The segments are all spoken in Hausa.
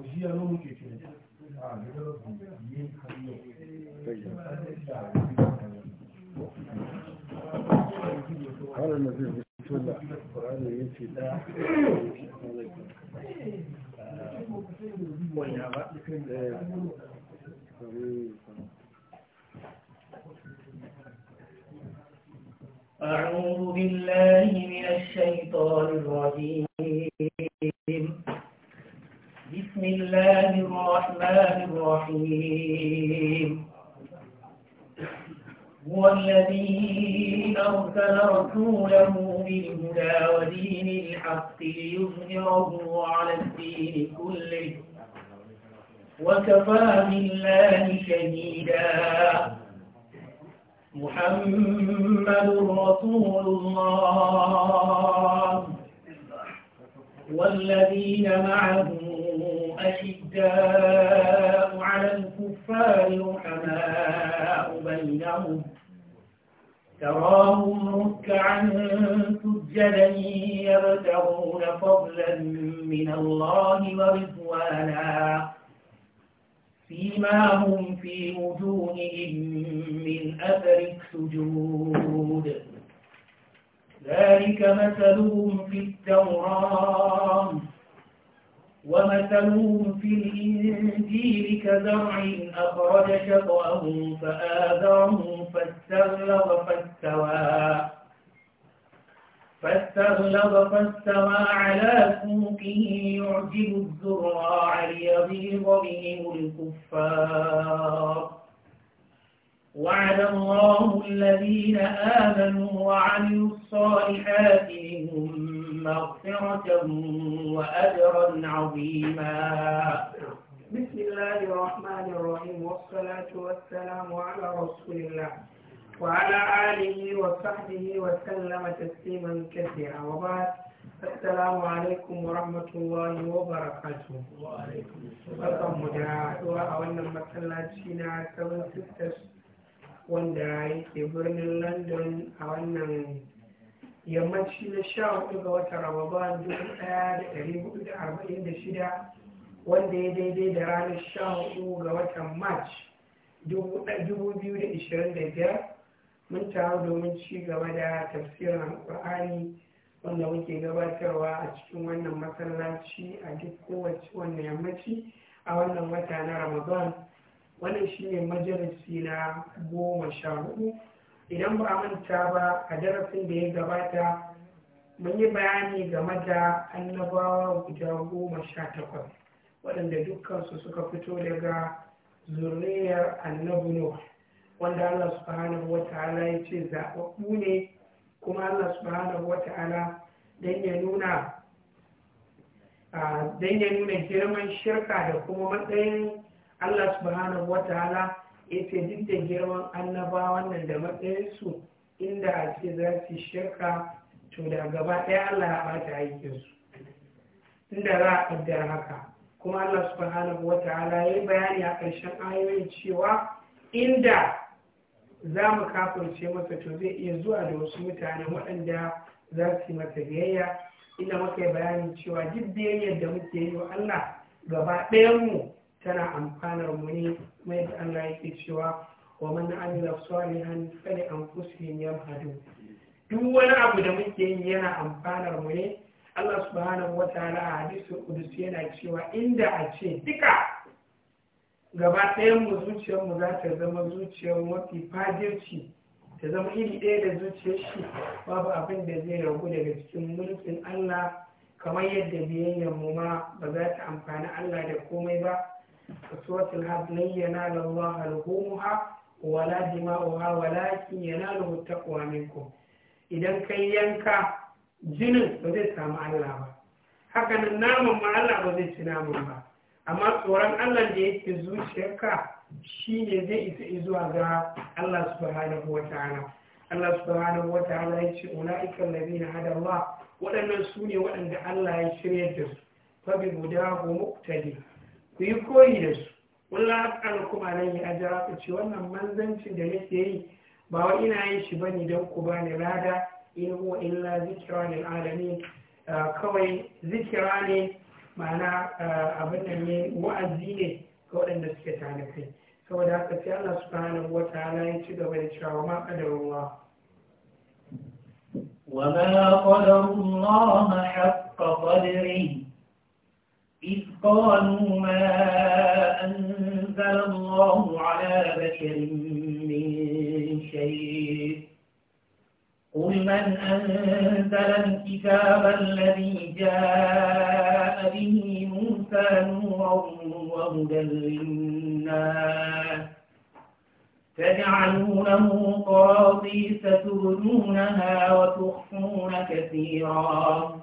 ko shi ya lomu ke cin a ah, gidan rufin yin kariyo na zai zai tuna ƙwararren yake ɗaya هو الذي أرسل رسوله بالهدى ودين الحق ليظهره على الدين كله وكفى بالله شهيدا محمد رسول الله والذين معه أشداء على الكفار رحماء بينهم تراهم ركعا سجدا يبتغون فضلا من الله ورضوانا فيما هم في وجوههم من أثر السجود ذلك مثلهم في التوراة ومثلهم في الإنجيل كزرع أخرج شطأه فآذره فاستغلظ فاستوى فاستغلظ فاستوى على سوقه يعجب الزراع ليغيظ بهم الكفار وعد الله الذين آمنوا وعملوا الصالحات منهم مغفرة وأجرا عظيما بسم الله الرحمن الرحيم والصلاة والسلام على رسول الله وعلى آله وصحبه وسلم تسليما كثيرا وبعد السلام عليكم ورحمة الله وبركاته وعليكم السلام ورحمة الله وبركاته wanda السلام birnin london a yammaci na sha hudu ga wata ramadan dubu daya da dari hudu da arba'in da shida wanda ya daidai da ranar sha hudu ga watan march dubu biyu da ishirin da biyar mun taru domin ci gaba da tafsirin alkur'ani wanda muke gabatarwa a cikin wannan masallaci a duk kowace wannan yammaci a wannan wata na ramadan wannan shine majalisi na goma sha hudu idan ba a manta ba a darasin da ya gabata mun yi bayani game da annabawa guda goma sha takwas waɗanda dukkansu suka fito daga zuriyar annabi nuwa wanda allah subhanahu ta'ala ya ce zaɓaɓɓu ne kuma allah subhanahu wata'ala don ya nuna don ya nuna girman shirka da kuma matsayin allah subhanahu ta'ala. ita duk da girman annabawan nan da matsayinsu inda a ce za su shirka to da gaba ɗaya Allah ya ɓata aikinsu inda za a ƙaddara haka kuma Allah subhanahu wa ta'ala ya yi bayani a ƙarshen ayoyin cewa inda za mu kafirce masa to zai iya zuwa da wasu mutane waɗanda za su yi masa biyayya inda muka yi bayani cewa duk biyayyar da muke yi wa Allah gaba ɗayan mu tana amfanar mu ne kuma yadda Allah yake cewa wa man amila salihan fali anfusihim hadu. duk wani abu da muke yi yana amfanar mu ne Allah subhanahu wa ta'ala a hadisul qudusi yana cewa inda a ce duka gaba ɗayan mu zuciyar mu za ta zama zuciyar mafi fadirci ta zama iri ɗaya da zuciyar shi babu abin da zai ragu daga cikin mulkin Allah kamar yadda biyayyar mu ma ba za ta amfani Allah da komai ba كسوة الحرب لن ينال الله لحومها ولا دماؤها ولكن يناله التقوى منكم idan kai yanka jinin ba zai samu Allah ba hakanan naman ma Allah ba zai ci naman ba amma tsoron Allah da yake zuciyarka shi ne zai isa zuwa ga Allah subhanahu wa ta'ala Allah subhanahu wa ta'ala ya ce ulaika allazina hada Allah waɗannan su ne waɗanda Allah ya shirya da su fa bi hudahu muqtadi ku yi koyi da su kuma nan ya ajra ku ce wannan manzancin da yake yi ba wa ina yin shi bane don ku bani lada in huwa illa zikira lil alamin ah, kawai zikira ne ma'ana ah, abin da ne wa'azi ne ga waɗanda suke tare kai saboda haka sai Allah subhanahu wata ya ci gaba da cewa ma qadarullah وما قدر الله حق قدره إذ قالوا ما أنزل الله على بشر من شيء قل من أنزل الكتاب الذي جاء به موسى نورا وهدى للناس تجعلونه قراطيس تبدونها وتخفون كثيرا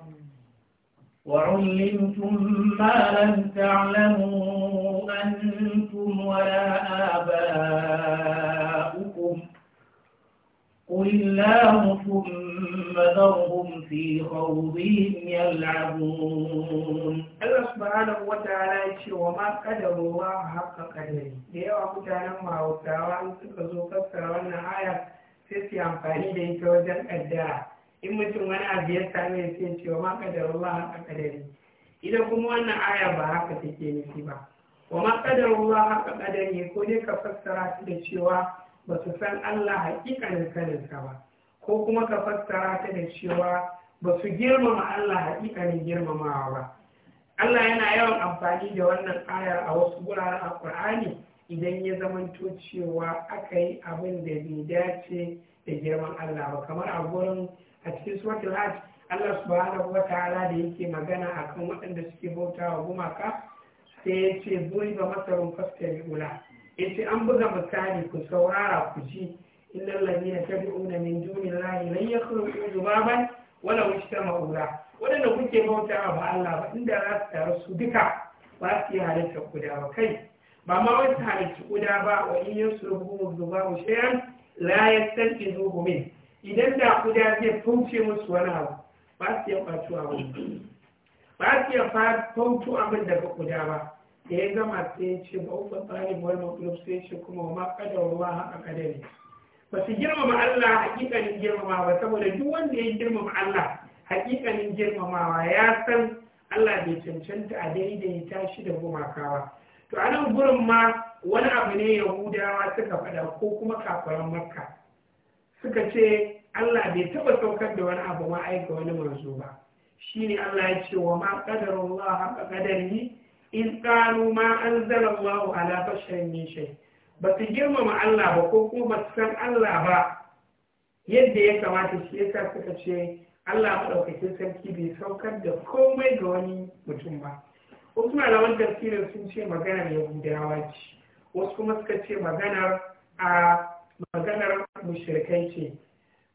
وعلمتم ما لم تعلموا أنتم ولا آباؤكم قل الله ثم ذرهم في خوضهم يلعبون الله سبحانه وتعالى يشير وما قدروا الله حق قدره ليه وقت أنا ما أتعوى أن تكذو كفر وأن آية في السيام فريدة يتوزن أداه in mutum wani abu ya same ya cewa ma qadarullah haka qadari idan kuma wannan aya ba haka take nufi ba wa ma qadarullah haka qadari ko dai ka fassara ta da cewa ba su san Allah haƙiƙanin sanin sa ba ko kuma ka fassara ta da cewa ba su girmama Allah haƙiƙanin girmamawa ba Allah yana yawan amfani da wannan ayar a wasu wuraren a ƙur'ani idan ya zamanto cewa aka yi abin da bai dace da girman Allah ba kamar a gurin a cikin suratul hajj Allah subhanahu wa ta'ala da yake magana akan waɗanda suke bauta wa gumaka sai ya ce buri ba masarun faskari ula ya ce an buga misali ku saurara ku ji inna lalina tabi'una min duni lahi lan yakhluqu zubaban wala mujtama ula waɗanda kuke bauta ba Allah ba inda za su taru su duka ba su yi halittar kuda ba kai ba ma wai halittar kuda ba wa in yusruhu zubabu shay'an la yastanqidhuhu min idan da kuda zai fauce musu wani abu ba su iya kwato abu ba su iya fauto abin daga kuda ba da ya zama sai ce ba tsari ba wani makulub sai ce kuma wa makadar ruwa haka kadari ba su girmama Allah hakikanin girmamawa ba saboda duk wanda ya girmama Allah hakikanin girmamawa ya san Allah bai cancanta a ya tashi da gumakawa to a nan gurin ma wani abu ne yahudawa suka faɗa ko kuma kafaran makka suka ce Allah bai taba saukar da wani abu ma aika wani manzo ba Shi ne Allah ya ce wa ma qadarullah haqa qadarihi in qalu ma Allah ala basharin min shay ba su girmama Allah ba ko kuma ba su san Allah ba yadda ya kamata shi yasa suka ce Allah madaukakin sarki bai saukar da komai ga wani mutum ba wasu malaman tafsirin sun ce maganar gudawa ce wasu kuma suka ce maganar a maganar mushrikai ce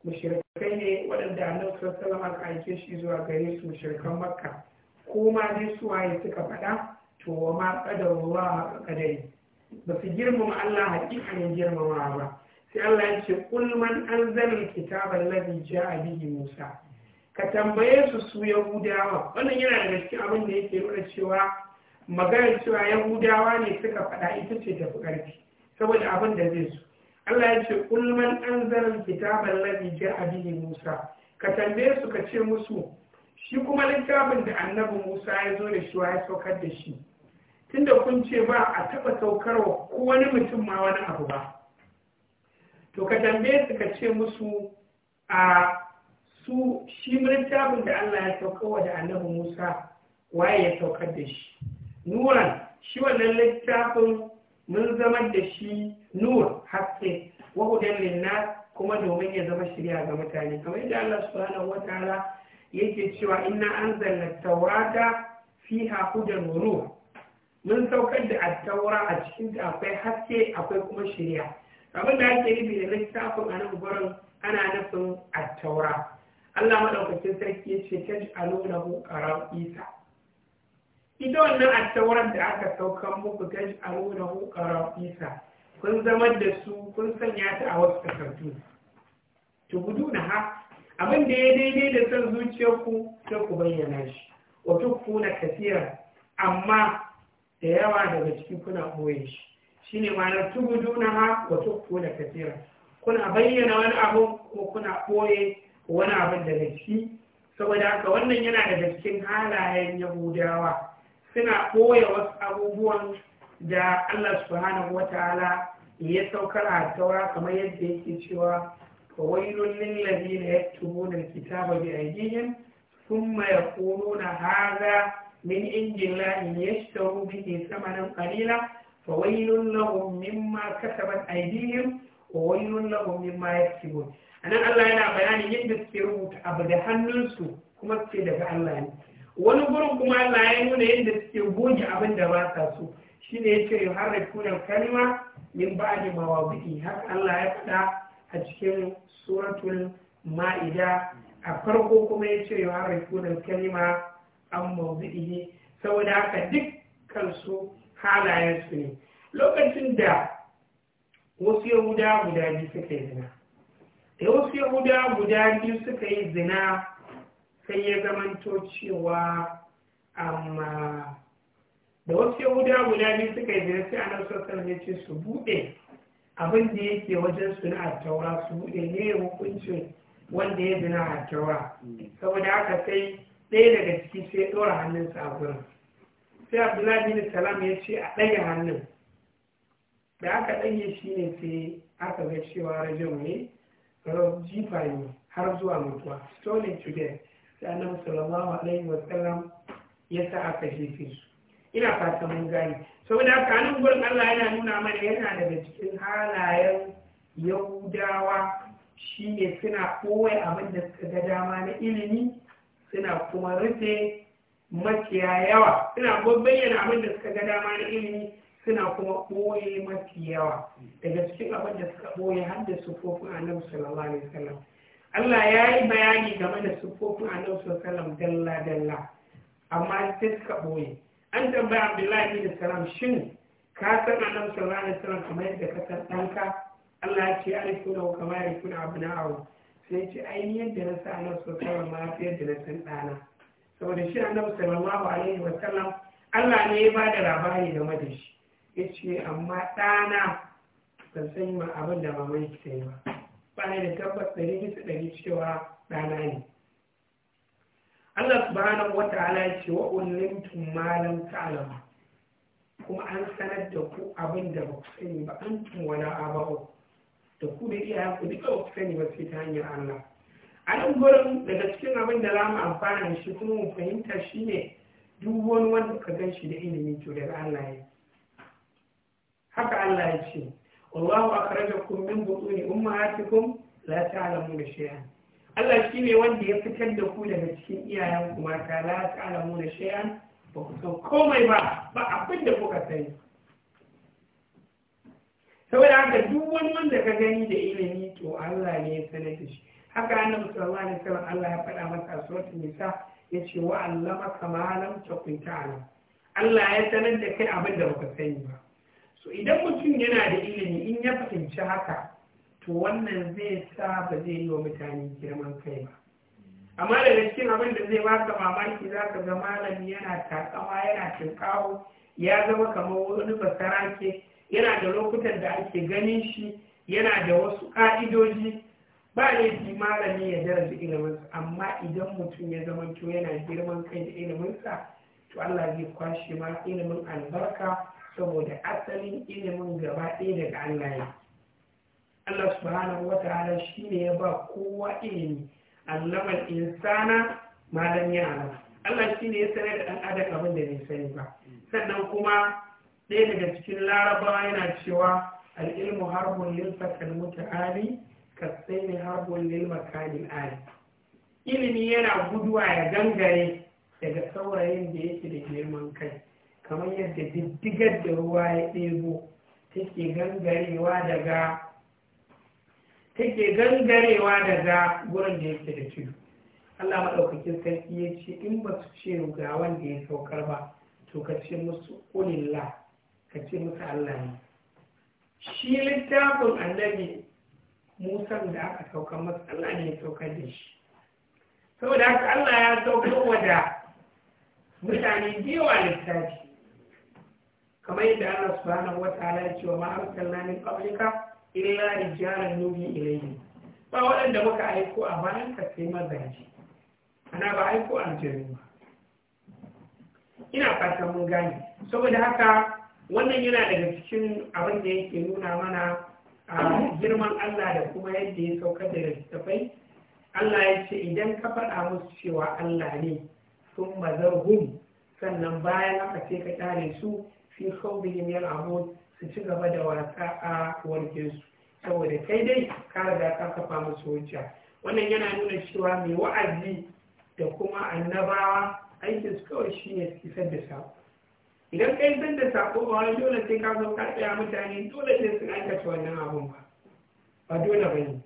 mushirkai ne waɗanda annabi sassan aka aike shi zuwa gare su mushirkan makka ko ma dai su waye suka faɗa to wa ma ruwa a qadari ba su girmama Allah hakikanin girmama ba sai Allah ya ce an zama kitabar alkitaba ja a bihi Musa ka tambaye su su Yahudawa wannan yana da gaske abin da yake nuna cewa maganar cewa Yahudawa ne suka faɗa ita ce tafi ƙarfi saboda abin da zai su Allah ya ce kul man anzala alkitaba alladhi ja'a bihi Musa ka tambaye su ka ce musu shi kuma littafin da annabi Musa ya zo da shi ya saukar da shi tunda kun ce ba a taba saukarwa wa wani mutum ma wani abu ba to ka tambaye su ka ce musu a su shi littafin da Allah ya wa da annabi Musa waye ya saukar da shi nuran shi wannan littafin mun zama da shi nur haske wa hudan linnas kuma domin ya zama shirya ga mutane kamar yadda Allah subhanahu wataala yake cewa inna anzalna tawrata fiha hudan wa nur mun saukar da attaura a cikin ta akwai haske akwai kuma shirya abin da ake nufi da littafin a nan gurin ana nufin attaura Allah madaukakin sarki ya ce taj'alunahu qara'isa ita wannan attawaran da aka saukan muku ta ji da hukara isa kun zama da su kun sanya ta a wasu takardu to gudu na ha abin da ya daidai da san zuciyarku sai ku bayyana shi wato na kasira amma da yawa daga ciki kuna ɓoye shi shine ma'anar tugudu na ha wato na kasira kuna bayyana wani abu ko kuna ɓoye wani abin daga ciki saboda haka wannan yana daga cikin halayen yahudawa suna koya wasu abubuwan da Allah subhanahu Ta'ala, ya saukar a taura kamar yadda yake cewa da lil ladina da alkitaba bi aydihim kono na haza, min indillahi yashtaru bihi thamanan kalila fawailun lahum mimma kasabat aydihim wawailun lahum mimma A anan Allah yana bayanin yadda suke rubuta abu da hannunsu kuma suke daga Allah ne wani gurin kuma na ya nuna yadda suke goge abin da ba sa so shine yace yuharrifuna kalima min mawa mawadi'i haka Allah ya faɗa a cikin suratul ma'ida a farko kuma ya yace yuharrifuna kalima an mawadi'i saboda haka dukkan su halayen su ne lokacin da wasu yahudawa guda guda biyu suka yi zina sai ya zamanto cewa amma da wasu yahuda guda biyu suka yi zira a nan sassan ya ce su buɗe abin da yake wajen suna a taura su buɗe ne hukuncin wanda ya zina a taura saboda haka sai ɗaya daga ciki sai ɗora hannun a gurin sai abdullahi bin salam ya ce a ɗaya hannun da aka ɗanye shi ne sai aka ga cewa rajin ne jifa ne har zuwa mutuwa stolen to death sai annabi alaihi wasallam ya sa aka jefe su ina fata mun gane saboda haka nan gurin Allah yana nuna mana yana daga cikin halayen yahudawa shi ne suna ɓoye abin da suka ga dama na ilimi suna kuma rufe mafi yawa suna bayyana abin da suka ga dama na ilimi suna kuma ɓoye mafi yawa daga cikin abin da suka boye har da sufofin annabi sallallahu alaihi wasallam Allah ya yi bayani game da siffofin annabi sallallahu dalla dalla amma sai suka boye an tambaya Abdullahi da salam shin ka san annabi sallallahu alaihi wasallam kamar yadda ka san danka Allah ya ce alifu da kuma alifu na abu na'awu sai ce ainihin yadda na sa annabi sallallahu alaihi wasallam da na san ɗana saboda shi annabi sallallahu alaihi wasallam Allah ne ya ba da labari game da shi ya ce amma ɗana ban san abin da mamaki ta yi ba ba da tabbas ɗari su ɗari cewa ɗana ne Allah subhanahu wa ta'ala ce wa ulimtum ma lam kuma an sanar da ku abin da ba ku sani ba an tun wani da ku da iyaye ku duka ba ku sani ba sai ta hanyar Allah a nan gurin daga cikin abin da za mu amfana shi kuma mu fahimta shi ne duk wani wanda ka gan shi da ilimi to daga Allah ya haka Allah ya ce wallahu akhrajakum min butuni ummahatikum la ta'lamuna shay'an Allah shi ne wanda ya fitar da ku daga cikin iyayen ku mata la ta'lamuna shay'an ba ku san komai ba ba abin da kuka sani saboda haka duk wani wanda ka gani da ilimi to Allah ne ya sanar da shi haka annabi sallallahu alaihi wasallam Allah ya faɗa masa a suratul nisa yace wa allama kama lam takun ta'lam Allah ya sanar da kai abin da baka sani ba so idan mutum yana da ilimi in ya fahimci haka to wannan zai sa ba zai yi wa mutane girman kai ba amma daga cikin abin da zai baka mamaki za ka ga malami yana taƙama yana tinkawo ya zama kamar wani basarake yana da lokutan da ake ganin shi yana da wasu ka'idoji ba laifi malami ya daraja iliminsa amma idan mutum ya zama to yana girman kai da iliminsa to Allah zai kwashe ma ilimin albarka saboda asalin ilimin gaba ɗaya daga Allah ya Allah subhanahu wa ta'ala shi ne ya ba kowa ilimi allaman insana malam ya Allah shi ne ya sanar da ɗan adam abin da bai sani ba sannan kuma ɗaya daga cikin larabawa yana cewa al'ilmu harbun lil fakal muta'ali kasaini harbun lil makalin ali ilimi yana guduwa ya gangare daga saurayin da yake da girman kai kamar yadda diddigar da ruwa ya ɗebo take gangarewa daga take gangarewa daga gurin da yake da tudu Allah maɗaukakin sarki ya ce in ba su ce ga wanda ya saukar ba to ka ce musu ulillah ka ce musu Allah ne shi littafin annabi Musa da aka saukar masa Allah ne ya saukar da shi saboda haka Allah ya saukar wa da mutane biyu a littafi kamar yadda Allah subhanahu wa ta'ala ya ce wa ma arsalna min qablika illa rijalan nuhi ilayhi ba waɗanda muka aiko a bayan ka sai mazaji ana ba aiko a jirgin ba ina fatan mun gane saboda haka wannan yana daga cikin abin da yake nuna mana a girman Allah da kuma yadda ya saukar da Littafai, Allah ya ce idan ka faɗa musu cewa Allah ne sun mazar mazarhum sannan bayan haka sai ka tare su fi yan abu su ci gaba da wasa a warke su saboda kai dai ka riga ka kafa musu hujja wannan yana nuna cewa mai wa'azi da kuma annabawa aikin su kawai shi ne isar da sako idan kai isar da sako ba wani dole sai ka zo ka tsaya mutane dole sai sun aikata wannan abun ba ba dole ba ne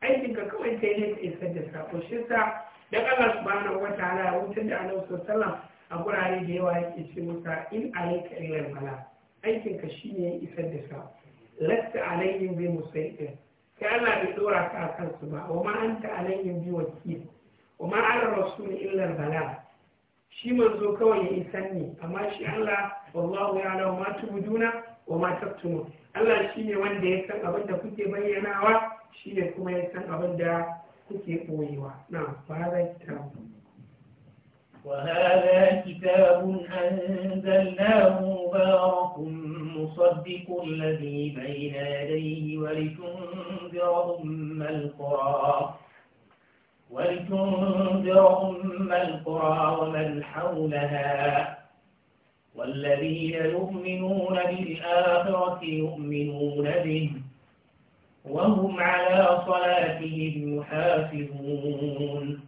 aikin ka kawai kai ne ka isar da sako shi sa da Allah subhanahu wataala ya wutar da Annabi sallallahu alaihi a gurare da yawa yake ce muka in a yi illal bala aikin ka shine ya isar da sa lasta alayhim bi musaitir sai Allah bai dora ka a kansu ba wa ma anta alayhim bi wakil wa ma rasul illar bala shi manzo kawai ya isar ne amma shi Allah wallahu lau ma tubduna wa ma taktumun Allah shi ne wanda ya san abin da kuke bayyanawa shi ne kuma ya san abin da kuke ɓoyewa na ba zai ta وهذا كتاب أنزلناه مبارك مصدق الذي بين يديه ولتنذر أم القرى ولتنذر أم القرى ومن حولها والذين يؤمنون بالآخرة يؤمنون به وهم على صلاتهم يحافظون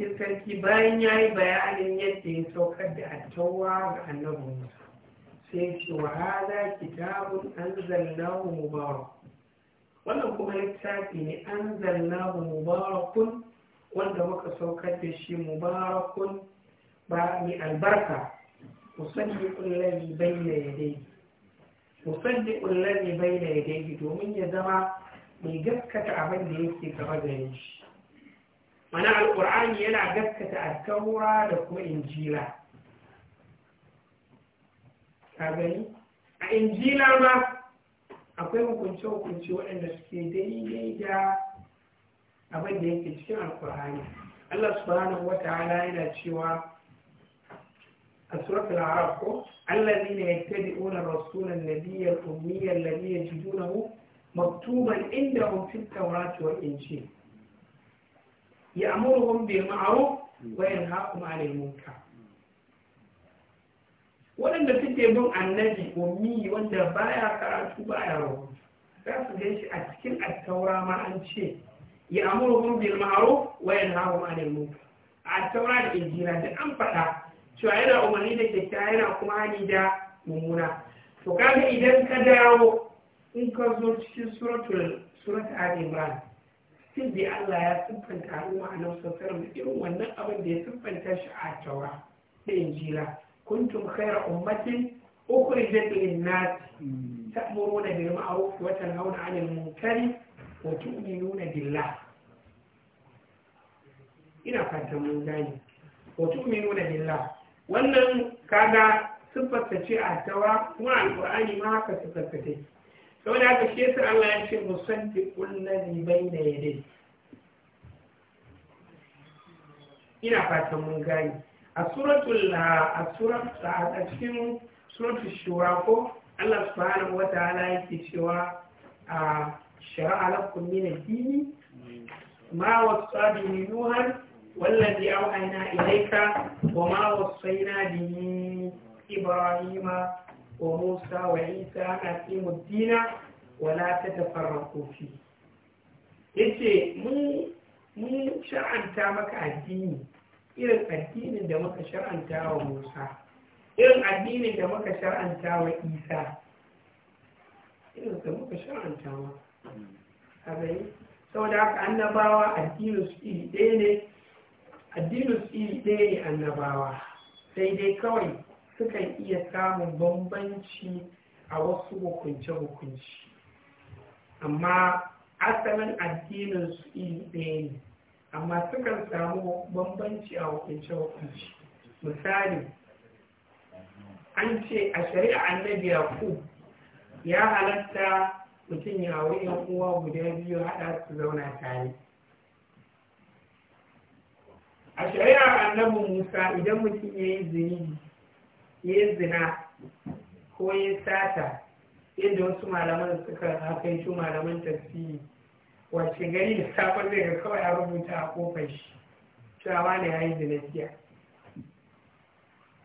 maɗaukakin sarki bayan ya yi bayanin yadda ya saukar da attawa ga annabi musa sai ce wa hada kitabun an zallahu mubarak wannan kuma littafi ne an zallahu mubarakun wanda muka saukar da shi mubarakun ba mai albarka musaddiqul ladhi bayna yadayhi bai da ya yadayhi domin ya zama mai gaskata abin da yake gaba da shi mana alkur'ani yana gaskata taura da kuma injila ka gani a injila ma akwai hukunce-hukunce waɗanda suke daidai da abin da yake cikin alkur'ani allah subhanahu wa ta'ala yana cewa a suratul arab ko الذين يتبعون الرسول nabiyar الأمي الذي يجدونه maktuban inda في التوراة والإنجيل ya'muruhum bil ma'ruf wa yanhahum 'anil munkar waɗanda suke bin annabi omi wanda baya karatu baya rubutu za su gan shi a cikin attaura ma an ce ya'muruhum bil ma'ruf wa yanhahum 'anil munkar a taura da injila da an faɗa cewa yana umarni da kyakkyawa yana kuma hani da mummuna to kaga idan ka dawo in ka zo cikin suratul suratul ali duk da Allah ya siffanta al'umma a nan da irin wannan abin da ya siffanta shi a tawa da injila kuntum khaira ummatin ukhrijat lin-nas ta'muruna bil ma'ruf wa tanhauna 'anil munkari wa tu'minuna billah ina fatan mun gane wa tu'minuna billah wannan kaga siffarta ce a tawa kuma alqur'ani ma haka ta take saboda haka shi yasa Allah ya ce musanti bai bayna yadda ina fatan mun gani a suratul a suratul a cikin suratul shura ko Allah subhanahu wa ta'ala yake cewa a shara'a lakum min ad-dini ma wasa bihi nuhan والذي أوحينا إليك وما وصينا به إبراهيم وموسى وعيسى أن أقيموا الدين ولا تتفرقوا فيه yace mu mun shar'anta maka addini irin addinin da muka shar'anta wa Musa irin addinin da muka shar'anta wa Isa irin da muka shar'anta wa abai saboda haka annabawa addinin su iri ɗaya ne addinin su iri ɗaya ne annabawa sai dai kawai sukan iya samun bambanci a wasu hukunce-hukunci amma asalin addinin su iri ɗaya ne amma sukan samu bambanci a hukunce-hukunci misali an ce a shari'a annabi ku ya halatta mutum ya auri yan uwa guda biyu haɗa su zauna tare a shari'ar annabi musa idan mutum ya yi zunubi Yin zina ko ya sata yadda wasu malaman suka shi malaman tafsiri wacce gani da safar zai ga kawai a rubuta a kofar shi cewa ne ya yi zinafiya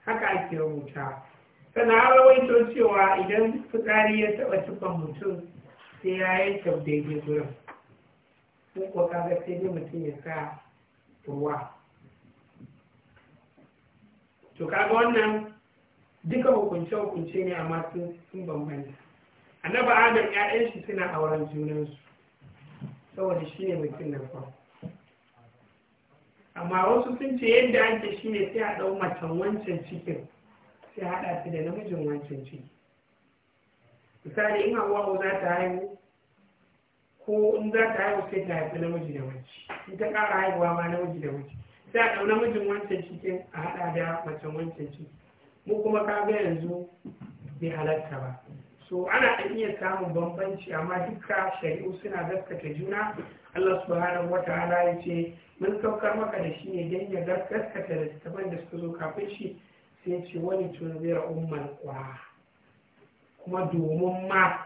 haka ake rubuta sannan rawai to cewa idan fitsari ya taɓa tufan mutum sai ya yi daidai gurin ko ko kaga sai dai mutum ya sa ruwa to kaga wannan duka hukunce hukunce ne amma sun bambanta annabi adam ƴaƴan shi suna auren junansu saboda shi ne mutum na farko amma wasu sun ce yadda ake shi ne sai a ɗau macen wancan cikin sai haɗa ta da namijin wancan ciki misali in hawa za ta haihu ko in za ta haihu sai ta haifi namiji da mace in ta ƙara haihuwa ma namiji da mace sai a ɗau namijin wancan cikin a haɗa da macen wancan ciki mu kuma kaga yanzu bai halatta ba so ana iya samun bambanci amma duka shari'u suna gaskata juna Allah subhanahu wata ta'ala ya ce mun saukar maka da shi ne don ya gaskata da littafan da suka zo kafin shi sai ce wani zai umman kwa kuma domin ma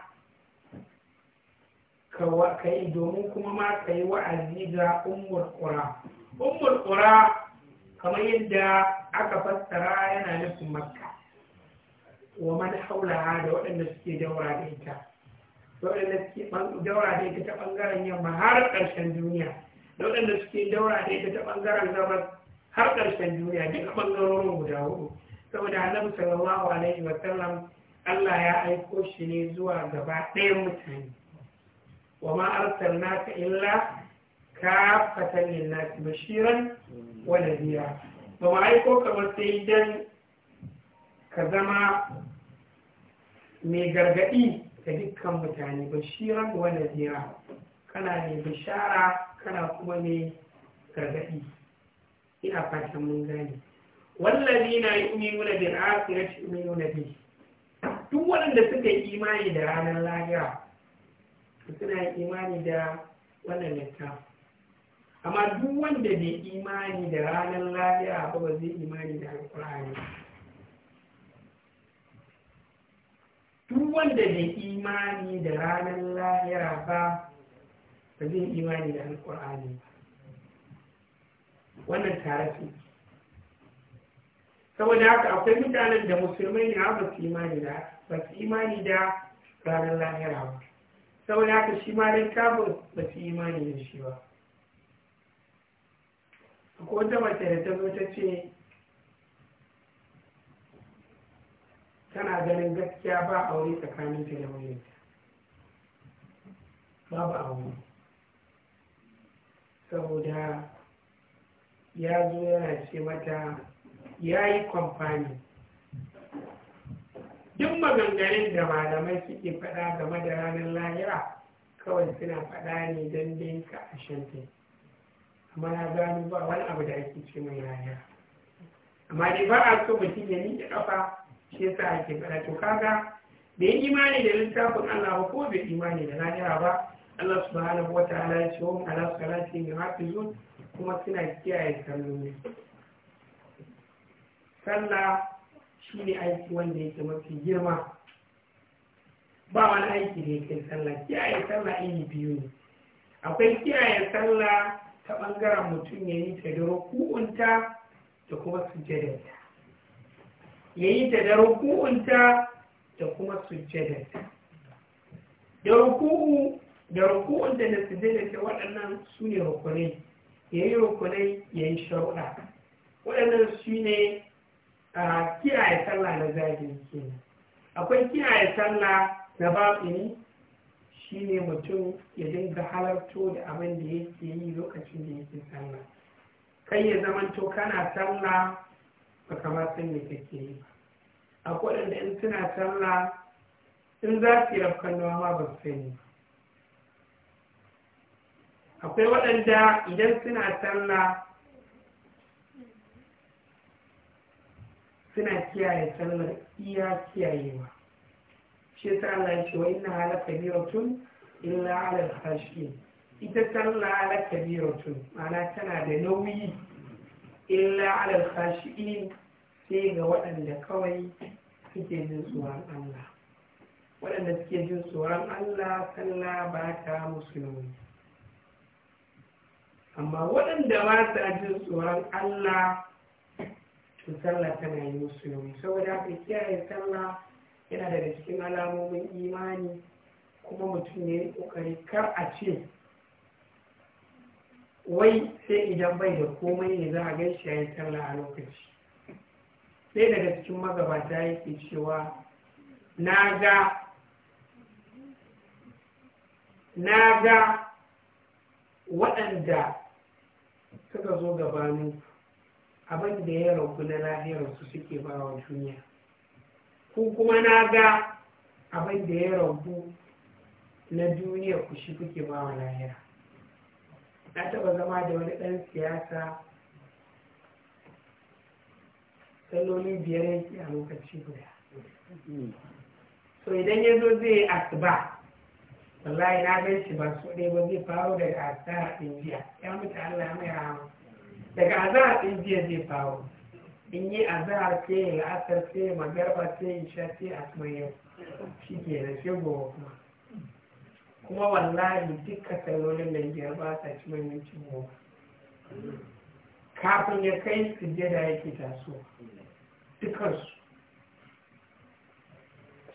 ka yi domin kuma ma ka wa'azi ga ummul kura kura kamar yadda aka fassara yana nufin makka wa man haulaha da waɗanda suke daura da ita da waɗanda suke daura da ita ta ɓangaren yamma har ƙarshen duniya da waɗanda suke daura da ita ta ɓangaren gabas har ƙarshen duniya duka ɓangarorin guda hudu saboda annabi sallallahu alaihi wa sallam Allah ya aiko shi ne zuwa gaba ɗayan mutane wa ma arsalnaka illa kafatan nasi bashiran wa biya ba ma aiko kamar sai dan ka zama mai gargaɗi ga dukkan mutane bashiran wa biya kana mai bishara kana kuma mai gargaɗi ina fatan mun gane wallazi na yi bin bil akhirati na bi duk waɗanda suka yi imani da ranar lahira suna imani da wannan littafin amma duk wanda bai imani da ranar lahira ba ba zai imani da alkur'ani duk wanda bai imani da ranar lahira ba ba zai imani da alkur'ani ba wannan tare su saboda haka akwai mutanen da musulmai ne ba su imani da ba su imani da ranar lahira ba saboda haka shi ma dai kafin ba su imani da shi ba ko wata mace da ta ta ce tana ganin gaskiya ba aure tsakanin ta da mijinta babu aure saboda ya zo yana ce mata ya yi kwamfani duk maganganun da malamai suke faɗa game da ranar lahira kawai suna faɗa ne don dinka a shantai amma ya gano ba wani abu da ake ce mai rayuwa. amma dai ba a so mutum ya miƙe ƙafa shi yasa ake faɗa to kaga bai imani da littafin Allah ba ko bai imani da lahira ba Allah subhanahu wa ta'ala ya ce wa ala salati min hafizun kuma suna kiyaye salloli sallah shi ne aiki wanda yake mafi girma ba wani aiki da yake sallah kiyaye sallah iri biyu ne akwai kiyaye sallah ta ɓangaren mutum ya yi tadaro ku'unta da kuma sujjadanta ya yi tadaro ku'unta da kuma sujjadanta da ruku'u da ruku'unta da sujjadanta waɗannan su ne rukunai ya yi rukunai ya yi sharuɗa waɗannan su ne a kiyaye sallah na zagin kenan akwai kiyaye sallah na batsini shine mutum ya dinga halarto da abin da yake yi lokacin da yake sallah kai ya to kana sallah ba kamar san me kake yi ba akwai waɗanda in suna sallah in za su yi rafkan ma ba su sani akwai waɗanda idan suna sallah suna kiyaye sallar iya kiyayewa shi yasa Allah ya ce wa inna ala kabiratun illa ala khashin ita sallah ala kabiratun ma'ana tana da nauyi illa ala khashin sai ga waɗanda kawai suke jin tsoron Allah waɗanda suke jin tsoron Allah sallah ba ta musu nauyi amma waɗanda ba sa jin tsoron Allah to sallah tana yi musu nauyi saboda haka kiyaye sallah yana da cikin alamomin imani kuma mutum ne kokari kar a ce wai sai idan bai da komai ne za a gan shi yayin talla a lokaci sai daga cikin magabata yake cewa na ga na ga waɗanda suka zo gabanin abin da ya ragu na lahirarsu suke ba wa duniya ku kuma na ga abin da ya rabu na duniya ku shi kuke ba wa lahira na taɓa zama da wani ɗan siyasa sallolin biyar yake a lokaci guda so idan ya zo zai asuba wallahi na gan shi ba su ɗaya ba zai faru daga azahar a jiya ya mutu allah mai rahama daga azahar a jiya zai faru in yi azahar ce yi la'asar ce magarba ce isha ce a shi ke da shi gobe kuma kuma wallahi dukkan sallolin da biyar ba sa ci maimaci goma kafin ya kai sujjada yake taso dukansu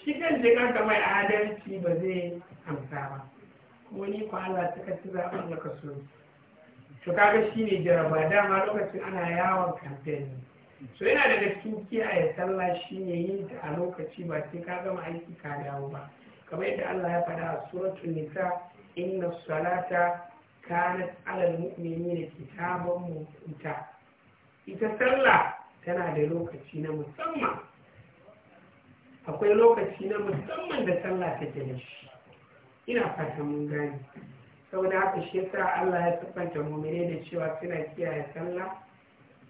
shi kan je kanka mai adalci ba zai amsa ba kuma ni ko Allah ta kasu zaɓen da kasu. so to kaga shi ne jaraba dama lokacin ana yawon kamfen so yana da cikin kiyaye sallah shi ne yi ta a lokaci ba sai ka gama aiki ka dawo ba kamar yadda Allah ya faɗa a suratul nisa inna salata kanat alal mu'minina kitaban mutunta ita sallah tana da lokaci na musamman akwai lokaci na musamman da sallah ta da shi ina fatan mun gane da haka shi yasa Allah ya tabbata mu'mine da cewa suna kiyaye sallah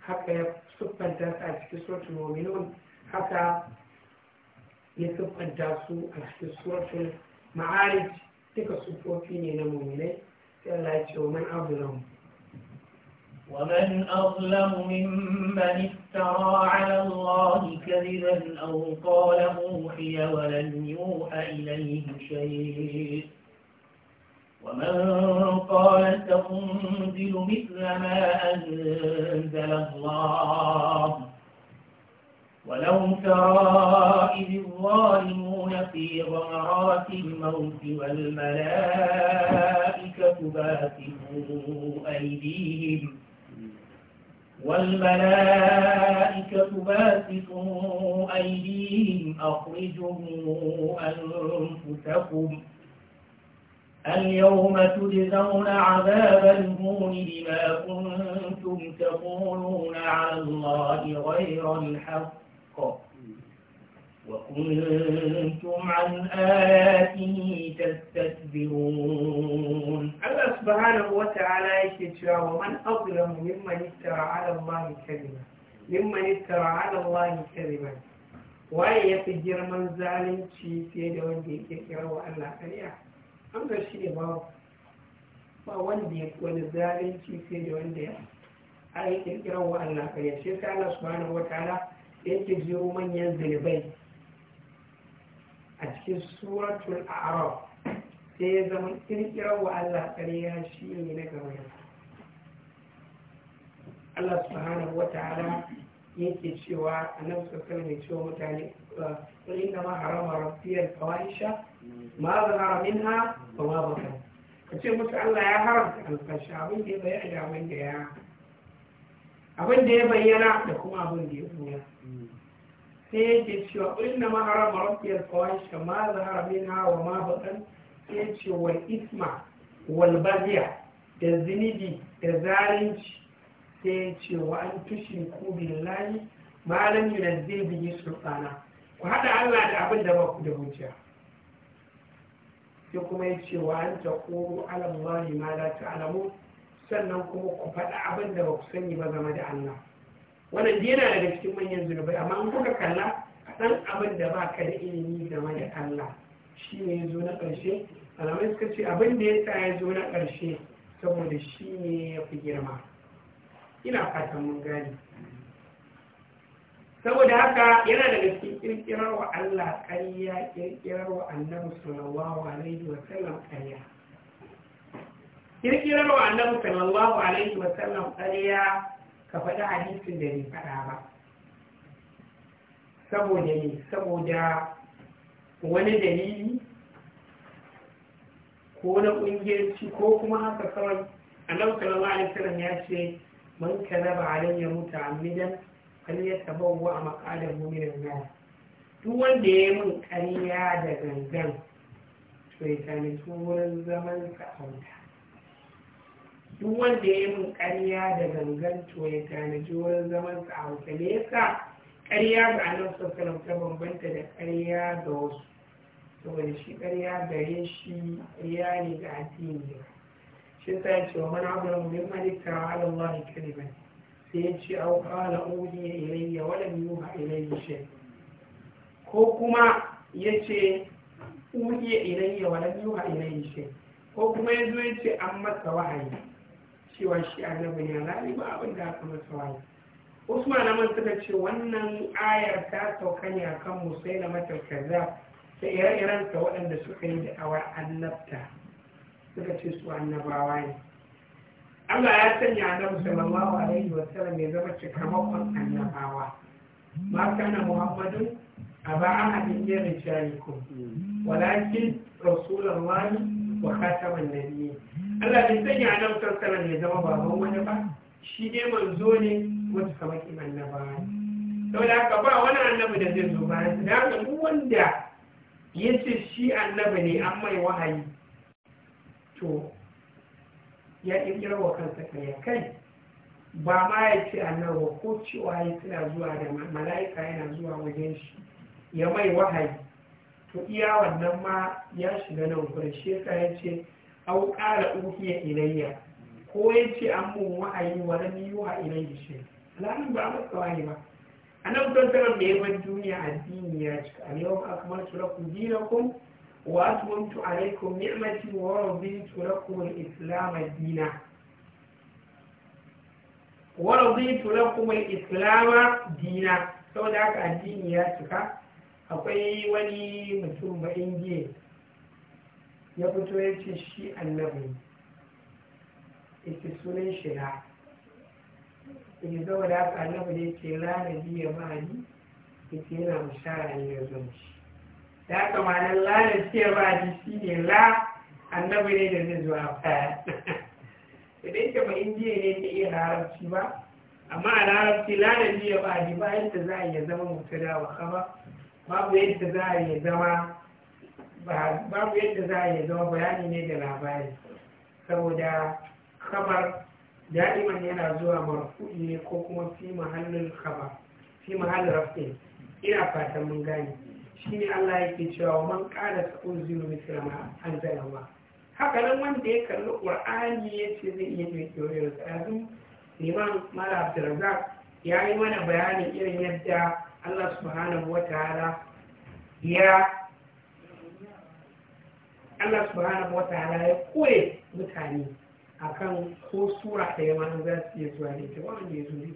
حتى يصف الناس على سورة المؤمنون حتى يصف الناس على المعارج تلك الصفوة في المؤمنين مؤمنين كلا أظلم ومن أظلم ممن افترى على الله كذبا أو قال موحي ولن يوحى إليه شيء ومن قال سأنزل مثل ما أنزل الله ولو ترى الظالمون في غمرات الموت والملائكة باسطوا أيديهم والملائكة باسطوا أيديهم أخرجوا أنفسكم اليوم تجزون عذاب الهون بما كنتم تقولون على الله غير الحق وكنتم عن آياته تستكبرون الله سبحانه وتعالى يكتشف ومن أظلم ممن افترى على الله كذبا ممن افترى على الله كذبا وأية ya fi في zalunci fiye da wanda ya hamdar shi ne babu ba wanda ya wani zalunci sai da wanda ya a yi kirkirar wa Allah kare shi sai Allah subhanahu wataala yake jiro manyan zunubai a cikin suratul a'raf sai ya zama kirkirar wa Allah kare ya shi ne na gaba Allah subhanahu wataala yake cewa annabi sallallahu alaihi cewa mutane inna ma harama rabbiyal fawaisha ma zahara minha sawabaka ka ce musu Allah ya haramta alfashi abin da ya bayyana da abin da ya abin da ya bayyana da kuma abin da ya buya sai yake cewa inna ma harama rabbiyal fawahish ma zahara minha wa ma batan sai yace wal isma wal baghiya da zinibi da zalunci sai yace wa an tushriku billahi ma lam yunzil bihi sultana ku hada Allah da abin da ba ku da hujja sai kuma ya ce wa ta alamu ala ma ma ta alamu sannan kuma ku faɗa abin da ba ku sani ba game da Allah wannan dai yana daga cikin manyan zunubai amma in kuka kalla kaɗan abin da ba ka da ilimi game da Allah shi ne ya zo na ƙarshe alamai suka ce abin da ya ya zo na ƙarshe saboda shi ne ya fi girma ina fatan mun gani saboda haka yana daga cikin kirkirar wa Allah ƙarya kirkirar wa annabi sallallahu alaihi wa sallam ƙarya kirkirar wa annabi sallallahu alaihi wa sallam ƙarya ka faɗi hadisin da bai faɗa ba saboda ne saboda wani dalili ko na ƙungiyarci ko kuma haka kawai annabi sallallahu alaihi wa sallam ya ce man kana ba alayya muta'ammidan فليتبوأ مقعده من النار duk wanda ya yi min ƙarya da gangan to ya sami wurin zaman sa'auta duk wanda ya yi min ƙarya da gangan to ya sami wurin zaman sa'auta me yasa ƙarya ga annabi sallallahu ta bambanta da ƙarya ga wasu saboda shi ƙarya gare shi ƙarya ne ga addini shi yasa ya ce wa man abdu min man ittara ala allahi kaliman a yanci au kala uji iliyya wadda yuha iliyya shi ko kuma ya ce ya uji iliyya wadda yuha iliyya shi ko kuma ya zo ya ce an masa wahayi cewa shi a na bani alali ba abin da aka masa wahayi usman na man suka ce wannan ayar ta sauka ne a kan musai na mata kaza ta ire-irenta waɗanda suka yi da awar annabta suka ce su annabawa ne Allah ya sanya Annabi sallallahu alaihi wa sallam ya zama cikamakon annabawa ma kana Muhammadun aba ahadin min rijalikum walakin wani wa khataman nabiyyin Allah ya sanya Annabi sallallahu alaihi wa sallam ya zama Ba wani ba shi ne manzo ne wata kamakin annabawa ne saboda haka ba wani annabi da zai zo ba su da haka duk wanda ya ce shi annabi ne an mai wahayi to ya ƙirƙirar wa kansa karya kai ba ma ya ce ba, ko cewa ya tana zuwa da mala'ika yana zuwa wajen shi ya mai wahayi to iya wannan ma ya shiga nan gurin shi ya ce an ƙara uhiya ilayya ko ya ce an mun wahayi wani lam yuha shi alamun ba masa wahayi ba A nan alaihi da ya ban duniya addini ya cika al-yawma akmaltu lakum dinakum وأتممت عليكم نعمتي ورضيت لكم الإسلام دينا ورضيت لكم الإسلام دينا sau da haka addini ya cika akwai wani mutum ba indiya ya fito ya ce shi annabi ita sunan shida, ita zama da haka annabi ne ke lanabi ya ma'ani ita yana mushara ne ya zonci da aka ma'anar lalar cewa hadisi ne la annabi ne da zai zuwa baya idan ka ba indiya ne ta iya larabci ba amma a larabci lalar jiya ba ji ba yadda za a iya zama mutu da wa kama babu yadda za a iya zama yadda za a iya zama bayani ne da labari saboda kamar da'iman yana zuwa marfu'i ne ko kuma fi mahallin fi mahallin rafin ina fatan mun gane Shi ne Allah yake cewa man da sa'uziru mithla ma anzala haka nan wanda ya kalli qur'ani yace zai iya kirkirar da yanzu imam mala abdurrazzaq ya yi mana bayanin irin yadda Allah subhanahu wataala ya Allah subhanahu wataala ya kure mutane akan ko sura ɗaya ma za su iya zuwa da ita wanda ya zo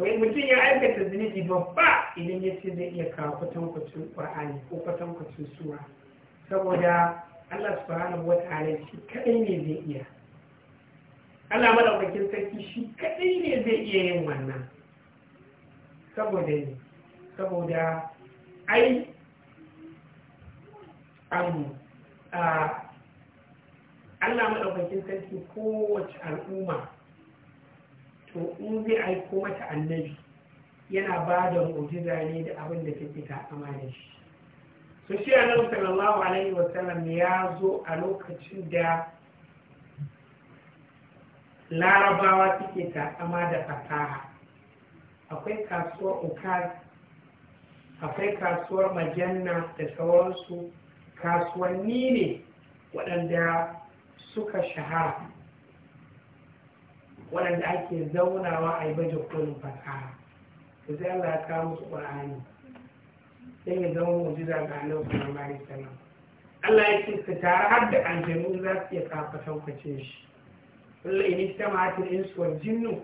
to in mutum ya aikata zunubi babba idan ya ce zai iya kawo kwatankwacin ƙwa'ani ko kwatankwacin sura saboda Allah subhanahu wa ala shi kadai ne zai iya Allah madaukakin sarki shi kadai ne zai iya yin wannan saboda ne saboda ai amu Allah madaukakin sarki kowace al'umma to in zai ko mata annabi yana ba da mu'jiza ne da abin da take ta amana shi to shi annabi sallallahu alaihi sallam ya zo a lokacin da larabawa suke takama da fasaha akwai kasuwar ukar akwai kasuwar majanna da sauransu kasuwanni ne waɗanda suka shahara waɗanda ake zaunawa a yi baje kolin fasaha da sai Allah ya kawo musu ƙur'ani sai ya zama mu'jiza ga Annabi sallallahu alaihi Allah ya ce su tare har da aljanu za su iya kafa tankacin shi kullu in istama'at al-insu wal jinnu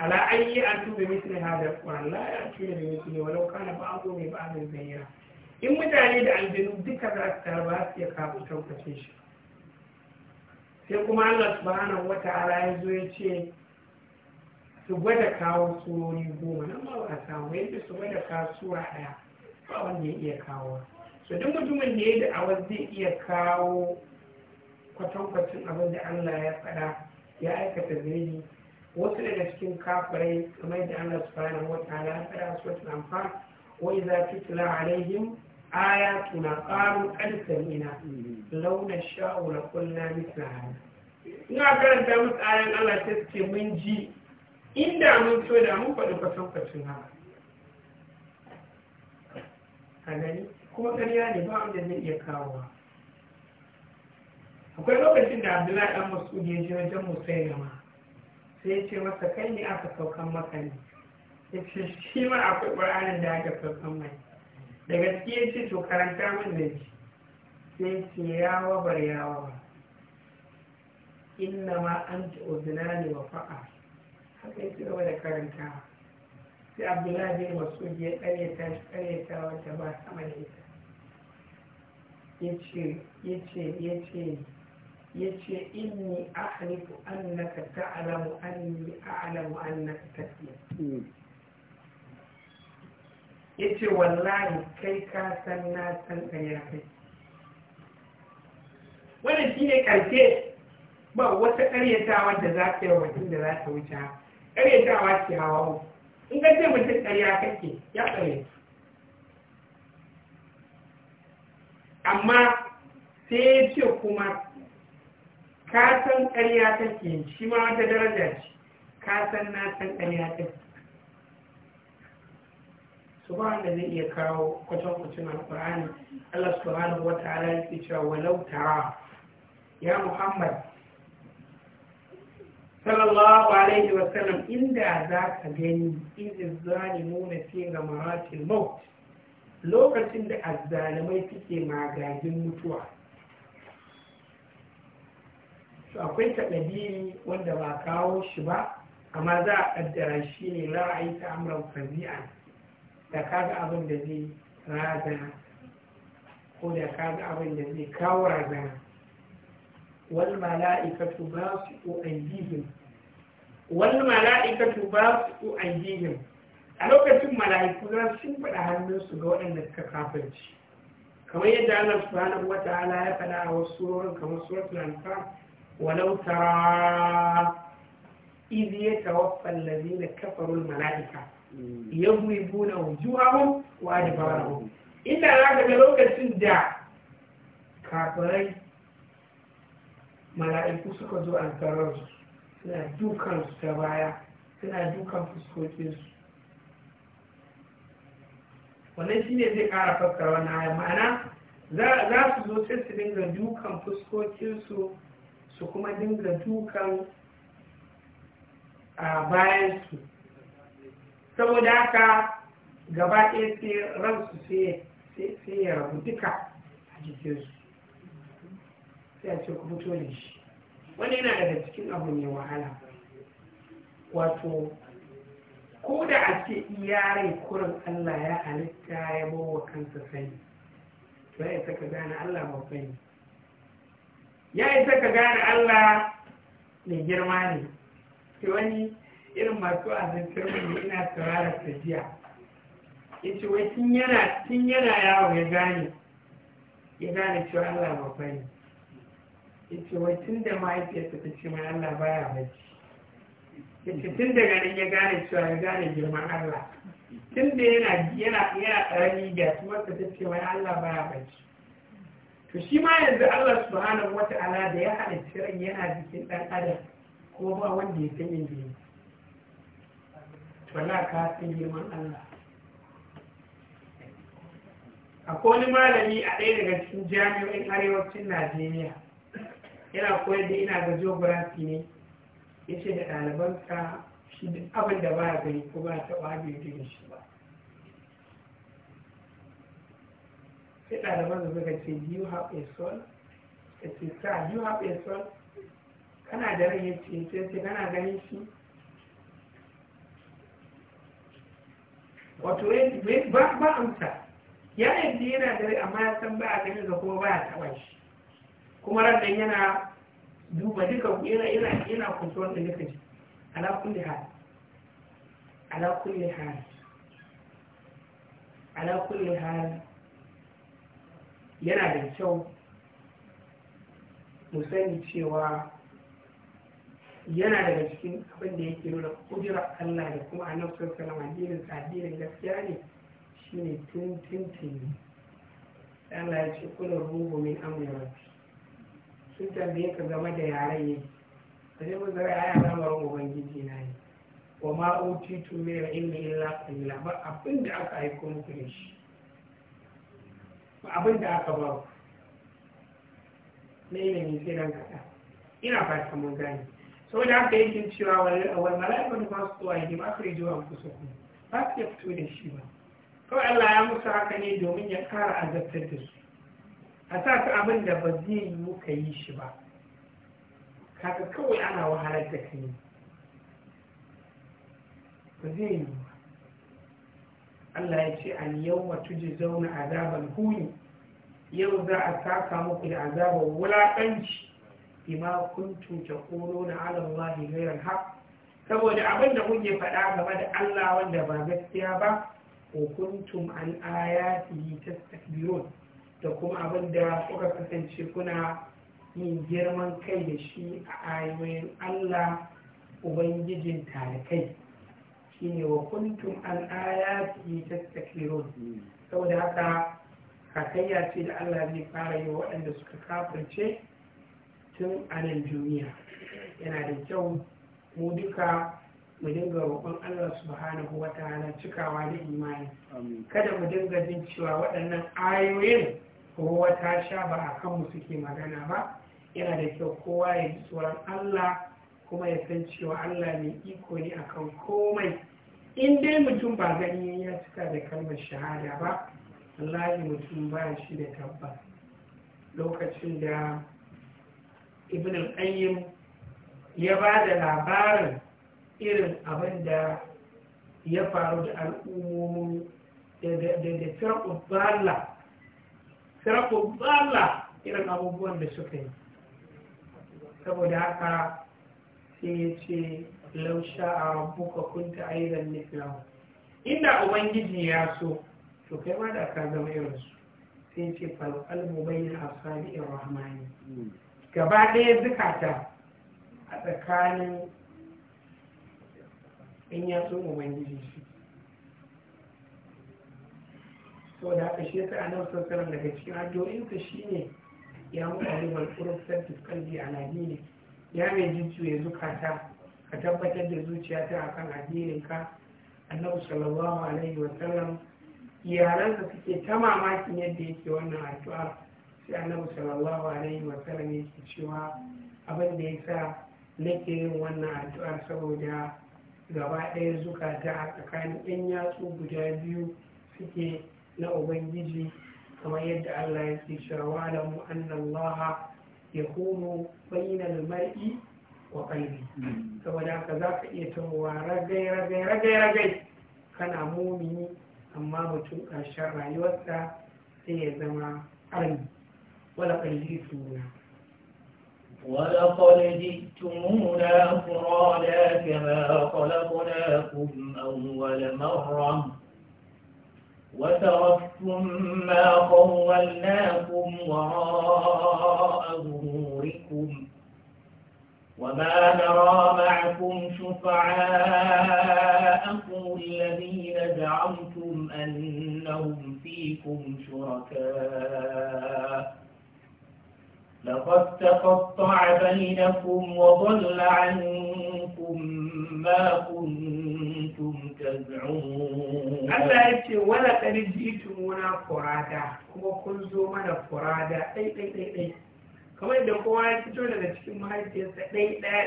ala ayyi atu bi mithli hadha quran la ya'tu bi walau kana ba'dhu bi ba'dhin zahira in mutane da aljanu duka za su tare ba su iya kafa shi sai kuma allah subhanahu wata ya zo ya ce su gwada kawo surori goma nan ba a samu yadda su gwada kawo sura ɗaya ba wanda ya iya kawo so duk mutumin da ya da awa zai iya kawo kwatankwacin abin da allah ya faɗa ya aikata zai wasu daga cikin kafirai kamar da allah subhanahu ta'ala ya faɗa su wata za وإذا تتلى alaihim ayatuna qalu qad sami'na law nasha'u la qulna mithla hada ina karanta musu ayan Allah ta ce mun ji inda mun so da mun faɗi kwatankwacin haka a kuma ƙarya ne ba wanda zai iya kawo kawowa akwai lokacin da abdullahi dan masud ya ji wajen musailama sai ya ce masa kai ne aka saukan maka ne ya ce shi ma akwai ƙur'anin da aka saukan mai da gaske ce to karanta min da ji sai ce yawa bar yawa ba inna ma an ta uzina ne wa fa'a haka ya ci gaba da karanta sai abdullahi bin masud ya karyata shi karyata wata ba sama da ita yace yace yace yace inni ahlifu annaka ta'lamu anni a'lamu annaka tasbih hmm. ya ce wallahi kai ka san na san ƙarya kai wannan shi ne ba wata ƙaryatawa da za ka yi wa mutum da za ta wuce ƙaryatawa ce hawa uku in ka ce mutum ƙarya kake ya tsare. amma sai ya ce kuma ka san ƙarya kake shi ma wata daraja ce ka san na san ƙarya kake su ba zai iya kawo kwacin-kwacin alkur'ani allah subhanahu wa ta'ala yake cewa walau tara ya muhammad sallallahu alaihi wa sallam inda za ka gani nuna fiye ga gamaratil maut lokacin da azzalimai suke magajin mutuwa su akwai taɗabiri wanda ba kawo shi ba amma za a ƙaddara shi ne ra'ayi ta amuran fazi'an da kaga abin da zai rada ko da kaga abin da zai kawo razana wal mala'ikatu basitu aydihim wal mala'ikatu basitu aydihim a lokacin mala'iku za su faɗa hannunsu ga waɗanda suka kafirci kamar yadda Allah subhanahu wata'ala ya faɗa a wasu surorin kamar suratul anfal walau tara idh yatawaffa alladhina kafaru al mala'ika yagwibuna wujuhahum wa adbarahum inda za ka ga lokacin da kafirai mala'iku suka zo an karar suna dukan su ta baya suna dukan fuskokinsu. Wannan shi ne zai kara fassara wannan aya ma'ana za su zo sai su dinga dukan fuskokinsu, su kuma dinga dukan a bayansu. saboda haka gaba ɗaya sai ransu sai ya rabu duka a jikinsu sai a ce ku fito da shi wani yana daga cikin abu mai wahala wato ko da a ce rai kurin allah ya halitta ya bawa kansa sani to ya isa ka gane allah ba sani ya isa ka gane allah mai girma ne sai wani irin masu azantar mai ina saurara ta jiya ya ce wai tun yana tun yana yawo ya gane ya gane cewa Allah ba bane ya ce wai tun da mahaifiyarsa ta ce mai Allah baya bace ya ce tun daga nan ya gane cewa ya gane girman Allah tun da yana yana yana ƙarami da kuma ta ce mai Allah baya bace to shi ma yanzu Allah subhanahu wata'ala da ya halicci ran yana jikin ɗan adam ko ba wanda ya san inda yake wala ka san girman Allah akwai wani malami a ɗaya daga cikin jami'o'in arewacin najeriya yana koyar da ina ga geography ne ya ce da ɗalibansa shi duk abin da ba ya gani ko ba ya taɓa abin da shi ba sai ɗaliban da suka ce you have a soul ta ce sa you have a soul kana da rai ya ce sai kana ganin shi wato eh, ba ba amsa ya yanzu yana dare amma ya san ba a ganin ga kuma ba a taɓa shi kuma ranar yana duba duka yana yana yana kunto wanda duka ji ala kulli hal ala kulli hal ala kulli hal yana da kyau mu sani cewa yana daga cikin abin da yake nuna kudura Allah da kuma a sallallahu alaihi wasallam addinin sa addinin gaskiya ne ne tun tun tuni Allah ya ce kula ruhu min amri sun tambaye ka game da yaren yi a zai mun zara yaya lamarin ubangiji na ne wa ma utitu min ilmi illa qalila ba abinda da aka aiko muku da shi ba abinda aka ba ku na ilimi sai dan ina fata mun gane saboda haka yake cewa wal mala'ikatu ba su tuwa him akhriju kuma. ba su fito da shi ba kawai Allah ya musu haka ne domin ya kara azabtar da su a sa su abin da ba zai yiwu ka yi shi ba kaga kawai ana wahalar da ka yi. ba zai yiwu ba Allah ya ce an yau wa tuji zauna azaban huni yau za a saka muku da azabar wulaƙanci bima kuntum taquluna ala allahi ghayra alhaq saboda abin da kuke faɗa game da Allah wanda ba gaskiya ba ko kuntum an ayatihi tastakbirun da kuma abin da kuka kasance kuna yin girman kai da shi a ayoyin Allah ubangijin talikai shine wa kuntum an ayatihi tastakbirun saboda haka kakayya ce da Allah zai fara yi waɗanda suka kafirce tun anan duniya yana da kyau mu duka mu dinga roƙon Allah subhanahu wa ta'ala cikawa da imani kada mu dinga jin cewa waɗannan ayoyin ko wata sha ba a kanmu suke magana ba yana da kyau kowa ya ji tsoron Allah kuma ya san cewa Allah mai iko ne akan komai in dai mutum ba gani ya cika da kalmar shahada ba wallahi mutum ba shi da tabbas lokacin da ibn al-qayyim ya ba da labarin irin abin da ya faru da al'ummomin da sarƙubbala irin abubuwan da suka yi saboda haka sai ya ce lausha a rabbuka kunta aizan nufinawa inda ubangiji ya so to kai ma da aka zama irinsu sai ce falƙalmu bayan asali rahmani. gaba ɗaya zukata a tsakanin in ya so ubangiji shi so da haka shi ya sa'a nan daga cikin addu'o'insa shi ne ya mu'alu bal sarkis fiskalbi a ya mai jujjuya zukata ka tabbatar da zuciya ta akan addininka annabi sallallahu alaihi wasallam iyalansa suke ta mamakin yadda yake wannan addu'a sai annabi sallallahu alaihi wa sallam yake cewa abin da yasa nake yin wannan addu'a saboda gaba ɗaya zukata a tsakanin ɗan yatsu guda biyu suke na ubangiji kamar yadda Allah ya ce cewa wa lamu annallaha yakunu bainal mar'i wa kalbi saboda haka za ka iya tawowa ragai ragai ragai ragai kana mumini amma mutum ƙarshen rayuwarsa sai ya zama arni ولقد جئتمونا ولقد جئتمونا فرادا كما خلقناكم أول مرة وتركتم ما خولناكم وراء ظهوركم وما نرى معكم شفعاءكم الذين زعمتم أنهم فيكم شركاء لقد تقطع بينكم وضل عنكم ما كنتم تزعمون الله يتي ولا تنجيتمونا فرادا كما كنتم من فرادا اي اي اي اي kamar yadda kowa ya fito daga cikin mahaifiyarsa ɗai ɗaya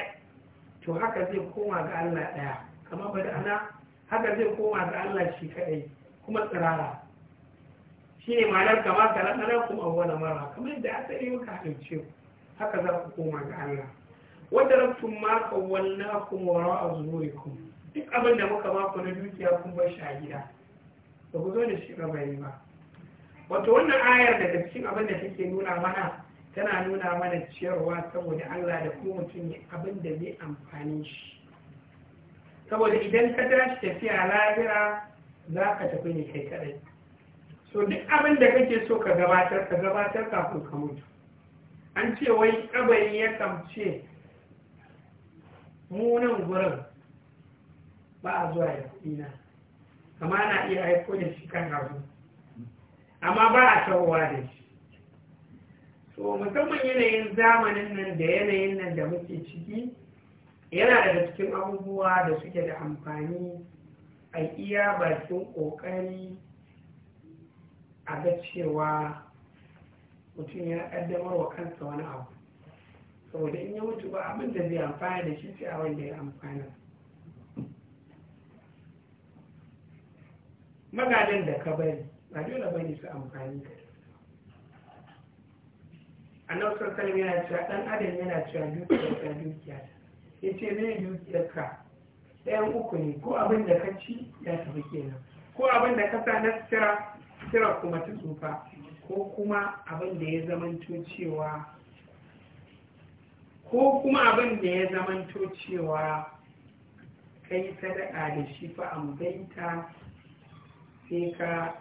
to haka zai koma ga Allah ɗaya kamar ba da haka zai koma ga Allah shi kaɗai kuma tsirara shi ne ma'anar gaba da ranar kuma wani mara kamar da aka yi muka halince cewa, haka za ku koma ga Allah wadda rabtun ma kawwanna kuma wara a duk abin da muka ba ku na dukiya kun bar shi a gida ba ku zo da shi gabari ba wato wannan ayar daga cikin abin da take nuna mana tana nuna mana ciyarwa saboda Allah da kuma mutum ne abin da zai amfani shi saboda idan ka tashi tafiya lahira za ka tafi ne kai kaɗai. so duk abin da kake so ka gabatar ka gabatar kafin ka mutu an ce wai kabari ya kamce munan gurin ba a zuwa ya ina amma na iya aiko da shi kan abu amma ba a tawowa da shi so musamman yanayin zamanin nan da yanayin nan da muke ciki yana daga cikin abubuwa da suke da amfani a iya bakin ƙoƙari a ga cewa mutum ya kaddamar wa kansa wani abu saboda in ya mutu ba abin da zai amfana da shi sai a wanda ya amfana magadan da ka bari ba dole ba ne su amfani ka a nausar kalmi yana cewa ɗan adam yana cewa dukiya ta dukiya ya ce mai dukiyar ka ɗayan uku ne ko abin da ka ci ya tafi kenan ko abin da ka sa na sira Kira kuma ta tsufa ko kuma abin da ya zamanto cewa ko kuma abin da ya zamanto cewa kai sadaka da shi fa ambaita sai ka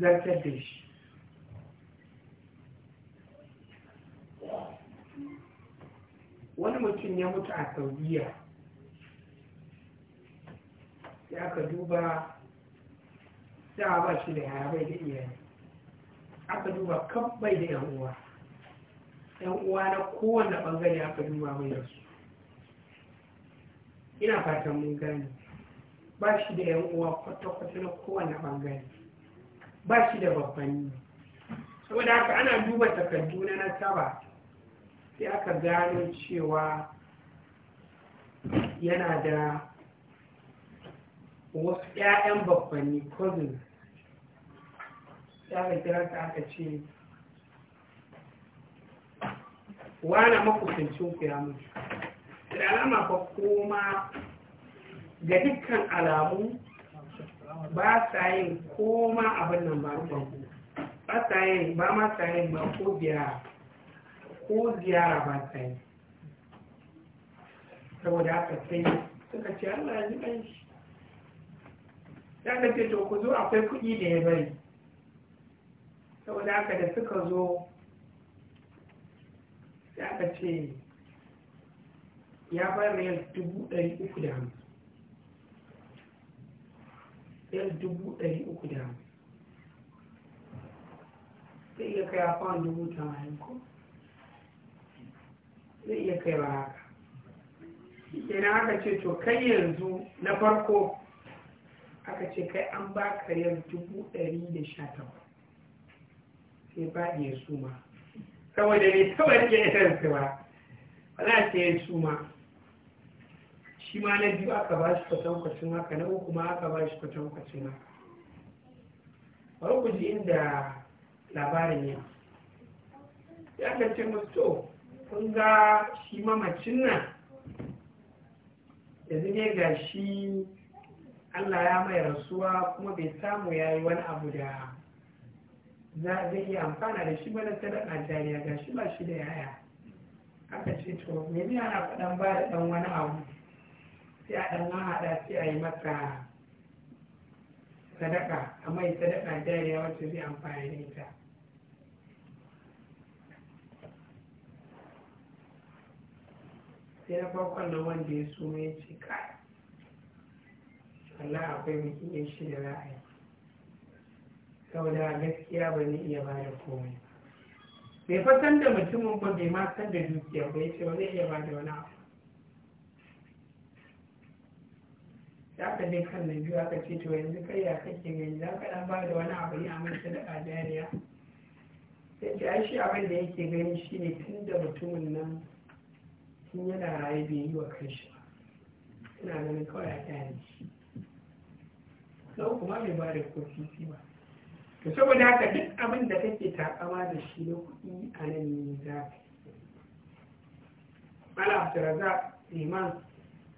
zartar da shi wani mutum ya mutu a saudiya ya ka duba da ba shi da yaya bai da iyaye aka duba kan bai da yan uwa yan uwa na kowane bangare aka duba mai da su ina fatan mun gane ba shi da yan uwa kwata-kwata na kowane bangare ba shi da babban saboda haka ana duba takardu na nasaba sai aka gano cewa yana da wasu 'ya'yan babbanni cousins sai aka kira aka ce wana makusancin ku ya mutu da alama fa koma ga dukkan alamu ba sa yin koma abin nan ba ruwan ku ba sa yin ba ma sa yin ba ko ziyara ko ziyara ba sa yin saboda aka sai suka ce Allah ya ji ɗan shi ya ce to ku zo akwai kuɗi da ya bari saboda haka da suka zo sai aka ce ya bayar riyal dubu ɗari uku da hamsin riyal dubu ɗari uku da hamsin zai iya kai a fawon dubu tamanin ko zai iya kai ba haka idan aka ce to kai yanzu na farko aka ce kai an baka ka dubu ɗari da sha takwas sai faɗi ya suma saboda ne kawai ke irinsu ba wala sai ya suma shi ma na biyu aka ba shi kwatankwacin haka na uku ma aka ba shi kwatankwacin haka bari ku ji inda labarin ya ya kace musu to kun ga shi mamacin nan yanzu ne ga shi allah ya mai rasuwa kuma bai samu ya yi wani abu da za zai iya amfana da shi bala sadaka jariya ga shi ba shi da yaya aka ce to me ne ana faɗan ba da ɗan wani abu sai a ɗan haɗa sai a yi masa sadaka a mai sadaka jariya wacce zai amfana da ita sai na farkon na wanda ya suma ya ce kai Allah akwai bikin yin shi da ra'ayi saboda gaskiya ba zai iya bada komai bai fasan da mutumin ba bai ma san da dukiya ba ya ce ba zai iya bada wani abu Za ka je kan nan biyu aka ce to yanzu kai ya kake gani za ka dan bada wani abu ya a da sadaka sai ce ai shi abin da yake gani shine tun da mutumin nan tun yana raye bai yi wa kanshi ba suna ganin kawai a jari sau kuma bai bada da kofi ba to saboda haka duk abin da kake takama da shi na kuɗi a nan ne za ka yi ta raza iman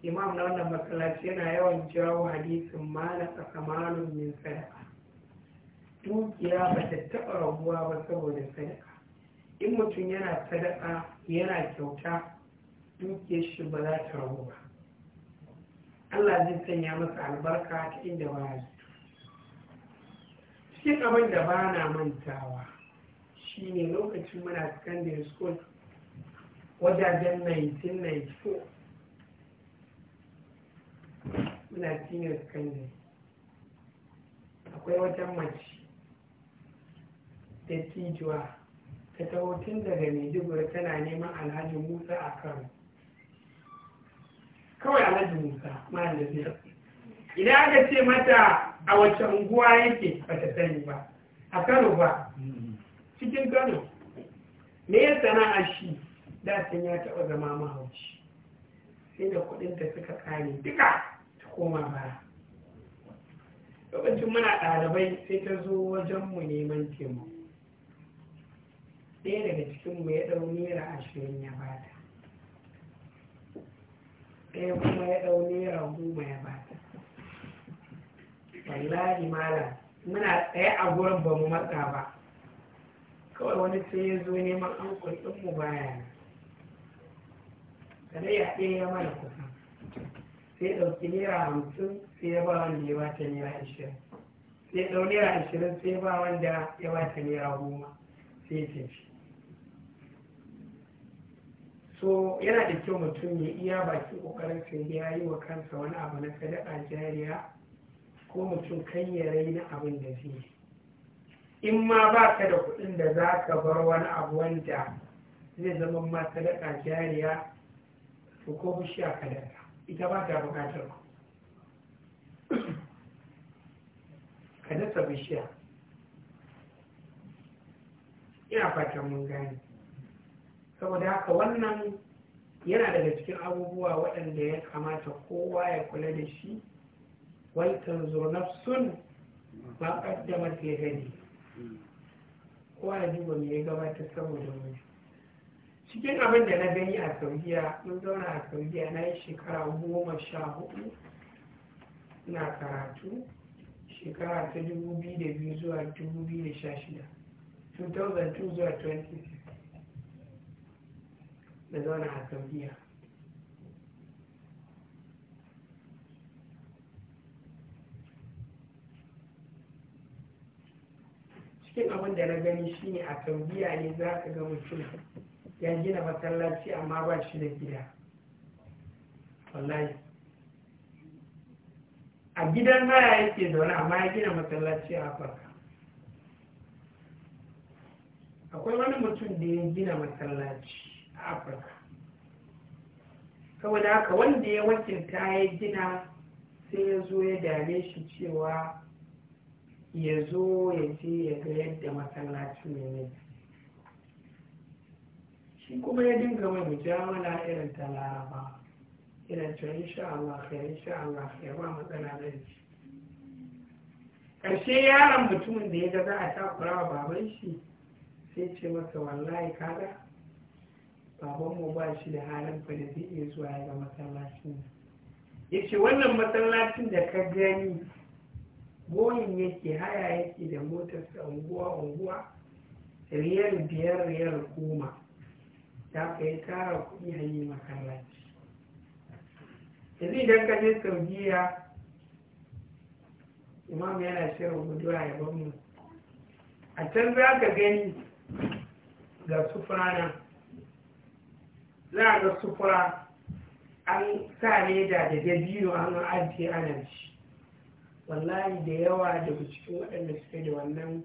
imam na wannan masallaci yana yawan jawo hadisin mala tsakamalun min sadaka dukiya ba ta taɓa rabuwa ba saboda sadaka in mutum yana sadaka yana kyauta dukiyar shi ba za ta rabu ba Allah zai sanya masa albarka ta inda ba ya cikin abin da ba na mantawa shine lokacin muna secondary school wajajen 1994 muna senior secondary akwai wata mace da tijuwa ta taho tun daga maiduguri tana neman alhaji musa a Karo? kawai alhaji musa ma idan aka ce mata a wacce unguwa yake ba ta sani ba a kano ba cikin kano me ya sana'a shi da sun ya taɓa zama mahauci sai da ta suka kare duka ta koma ba lokacin muna ɗalibai sai ta zo wajen mu neman taimako ɗaya daga mu ya ɗau naira ashirin ya bata ɗaya kuma ya ɗau naira goma ya bata wallahi mala muna tsaye a gurin ba mu matsa ba kawai wani sai ya zo neman an kulɗin mu baya kada ya ɗaya ya mana kusa sai ɗauki naira hamsin sai ya ba wanda ya bata naira ashirin sai ɗau naira ashirin sai ba wanda ya bata naira goma sai tafi so yana da kyau mutum ya iya baki ƙoƙarin sai ya yi wa kansa wani abu na sadaka jariya ko mutum kan ya raina abin da zai yi. in ma ba ka da kuɗin da za ka bar wani abu wanda zai zama ma sadaka jariya to ko bishiya ka daga ita ba ta buƙatar ku ka dasa bishiya ina fatan mun gane saboda haka wannan yana daga cikin abubuwa waɗanda ya kamata kowa ya kula da shi waltanzur nafsun ba kaddamar ya gani kowa ya duba me ya gabata saboda mu cikin abin da na gani a saudiya mun zauna a saudiya na yi shekara goma sha hudu na karatu shekara ta dubu biyu da biyu zuwa dubu biyu da sha shida 2002 zuwa 2016 na zauna a saudiya cikin abin da na gani shi ne a tambiya ne za ka ga mutum ya gina masallaci amma ba shi da gida wallahi a gidan haya yake zaune amma ya gina masallaci a afirka akwai wani mutum da ya gina masallaci a afirka saboda haka wanda ya wakilta ya gina sai ya zo ya dame shi cewa ya zo ya ce ya ga yadda masallacin ya ne shi kuma ya dinga mai mujamala irin ta laraba irin ta insha Allah khair insha Allah ba matsala da shi ƙarshe yaron mutumin da ya ga za a takura wa baban shi sai ce masa wallahi kaga babanmu ba shi da halin fa zai iya zuwa ya ga masallacin ya ce wannan masallacin da ka gani boyin yake haya yake da motarsa unguwa unguwa riyar biyar riyar goma ta kai tara kuɗi hanyar makarraci yanzu idan ka je saudiya imam yana shirin guduwa ya bamu a can za ka gani ga sufura nan za a ga sufura an sa leda da dabino an ajiye ana wallahi da yawa daga cikin waɗanda suke da wannan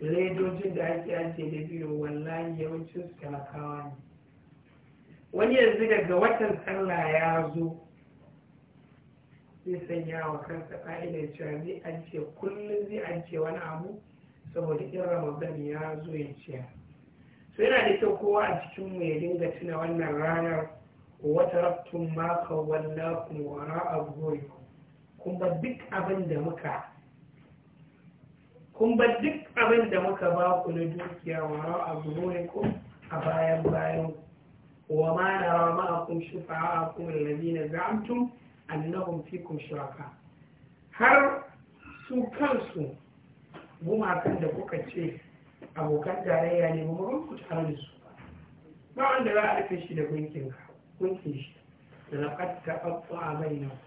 ledojin da ake ajiye da biyu wallahi yawancin su talakawa ne wani yanzu daga watan sallah ya zo zai sanya wa kansa ƙa'idar cewa zai ajiye kullum zai ajiye wani abu saboda irin ramadan ya zo ya ciya so yana da kyau kowa a cikinmu ya dinga tuna wannan ranar wata rabtun maka wallakun wara a ku kuma duk abin da muka kun ba duk abin da muka ba ku na dukiya wa a zuhurikum a bayan bayan wa ma na rawa ma'akun shufa a kun lalabi na za'amtum annahum fikum shuraka har su kansu gumakan da kuka ce abokan tarayya ne ba mu ku tare da su ba wanda za a rufe shi da gunkin shi da na laqad a bainahum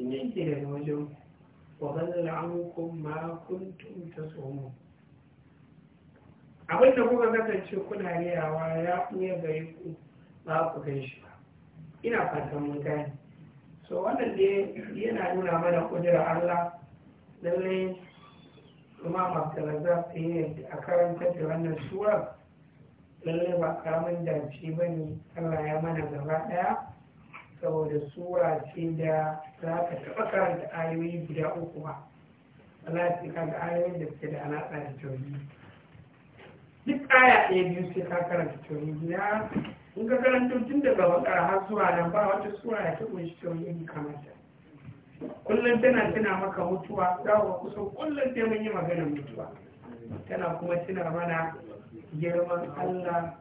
sun yanke daga wajen wa gazal ankum ma kuntum abin da kuka kasance kuna rayawa ya ɓuya gare ku ba ku gan shi ba ina fatan mun gane so wannan yana nuna mana kudirar Allah lallai za Abdulrazak yi a karantar da wannan suwar lallai ba karamin dace ba ne Allah ya mana gaba ɗaya saboda sura ce da za ka taɓa karanta ayoyi guda uku ba Allah sai ka ga ayoyin da suke da alaƙa da tauri duk aya ɗaya biyu sai ka karanta tauri ya in ka karanta tun daga bakara har sura nan ba wata sura ya ta kunshi tauri in kamata kullum tana tana maka mutuwa za ku kusan kullum sai mun yi maganar mutuwa tana kuma tana mana girman Allah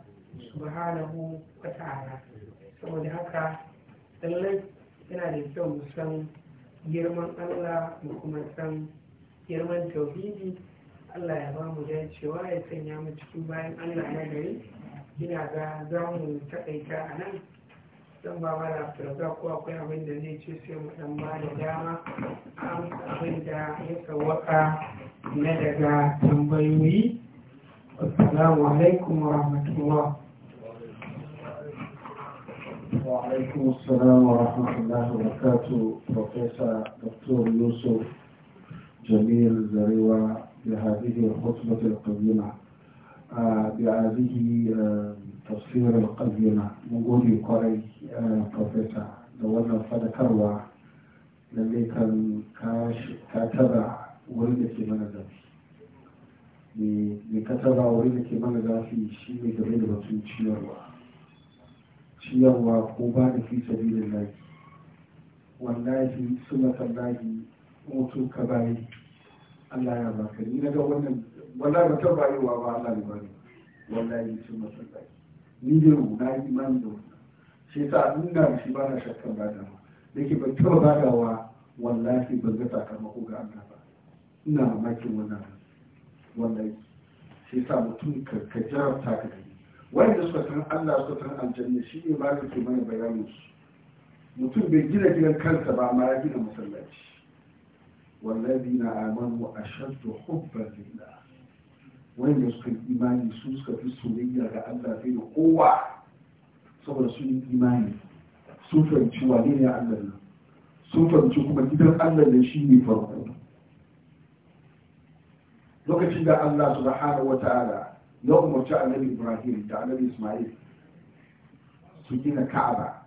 subhanahu wa ta'ala saboda haka lallai yana da kyau mu san girman allah mu kuma san girman tauhidi allah ya ba mu dacewa ya sanya mu cikin bayan allah na gari ina ga za mu taƙaita a nan don ba ma da firaza ko akwai abin da zai ce sai mu dan ba da dama an abin da ya sawaka na daga tambayoyi assalamu alaikum wa rahmatullah وعليكم السلام ورحمة الله وبركاته بروفيسور دكتور يوسف جميل زريوة بهذه الخطبة القديمة آه، بهذه التفسير آه، القديمة نقول قري بروفيسور آه، دولنا فدكروا للي كان كاش كاتبع ولدك من الدفي mai kataba wurin da في mana zafi shi ne game ciyarwa ko ba da fi sabilin lahi wallahi suna tallahi mutu ka bayi Allah ya baka ni na ga wannan wallahi ba ta bayarwa ba Allah ya bani wallahi suna tallahi ni dai na yi imani da wannan shi yasa nuna shi ba na shakkan ba da da ke ban taɓa badawa wallahi ban ga sakamako ga Allah ba ina mamakin wannan wallahi shi yasa mutum ka jarabta ka gani wanda suka san Allah suka san aljanna shi ne ba ke mana bayanin su mutum bai gina gidan kansa ba amma ya gina masallaci wallazi na amanu ashaddu hubban lillah wanda suka imani su suka fi soyayya ga Allah sai da kowa saboda sun yi imani sun fahimci wane ne Allah nan, sun fahimci kuma gidan Allah ne shi ne farko lokacin da Allah subhanahu wa ta'ala yau umarci annabi ibrahim da annabi ismail su gina ka'aba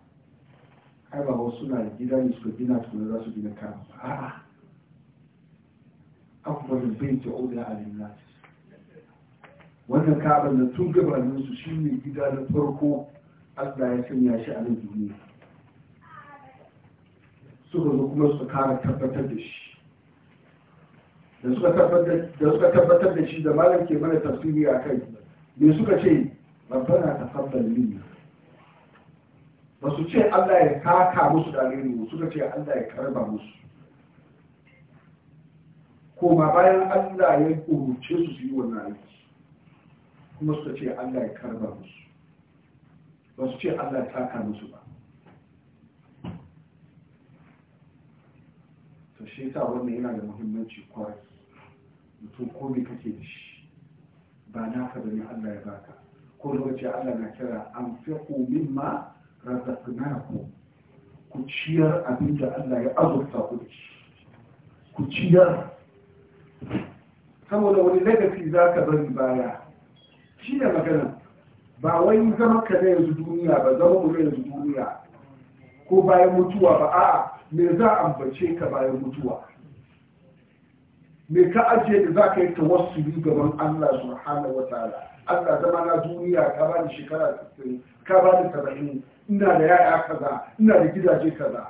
ai ba wasu na gida ne suka gina tukuna za su gina ka'aba ba a'a afdalul baiti uda alin nas wannan ka'aba na tun gabanin su shine gida na farko Allah ya sanya shi a nan duniya suka zo kuma su kara tabbatar da shi da suka tabbatar da shi da malam ke mana tafsiri a kai me suka ce rabbana tafaddal minna ba su ce Allah ya kaka musu da alheri suka ce Allah ya karba musu koma bayan Allah ya kuruce su su yi wannan aiki kuma suka ce Allah ya karba musu ba su ce Allah ya taka musu ba to shi sa wannan yana da muhimmanci kwarai mutum ko me kake da shi ba naka bane Allah ya baka ko da wace Allah na kira an fi ma mimma na ku ciyar abin da Allah ya azurta ku da shi ku ciyar saboda wani lagasi za ka bari baya shi da magana ba wai zama ka na yanzu duniya ba zama mu yanzu duniya ko bayan mutuwa ba a'a me za a ambace ka bayan mutuwa me ka ajiye da za ka yi ta tawassuli gaban Allah hana wata ala. Allah zama na duniya ka ba ni shekara tattalin, ka ba ni saba'in, ina da yaya kaza ina da gidaje kaza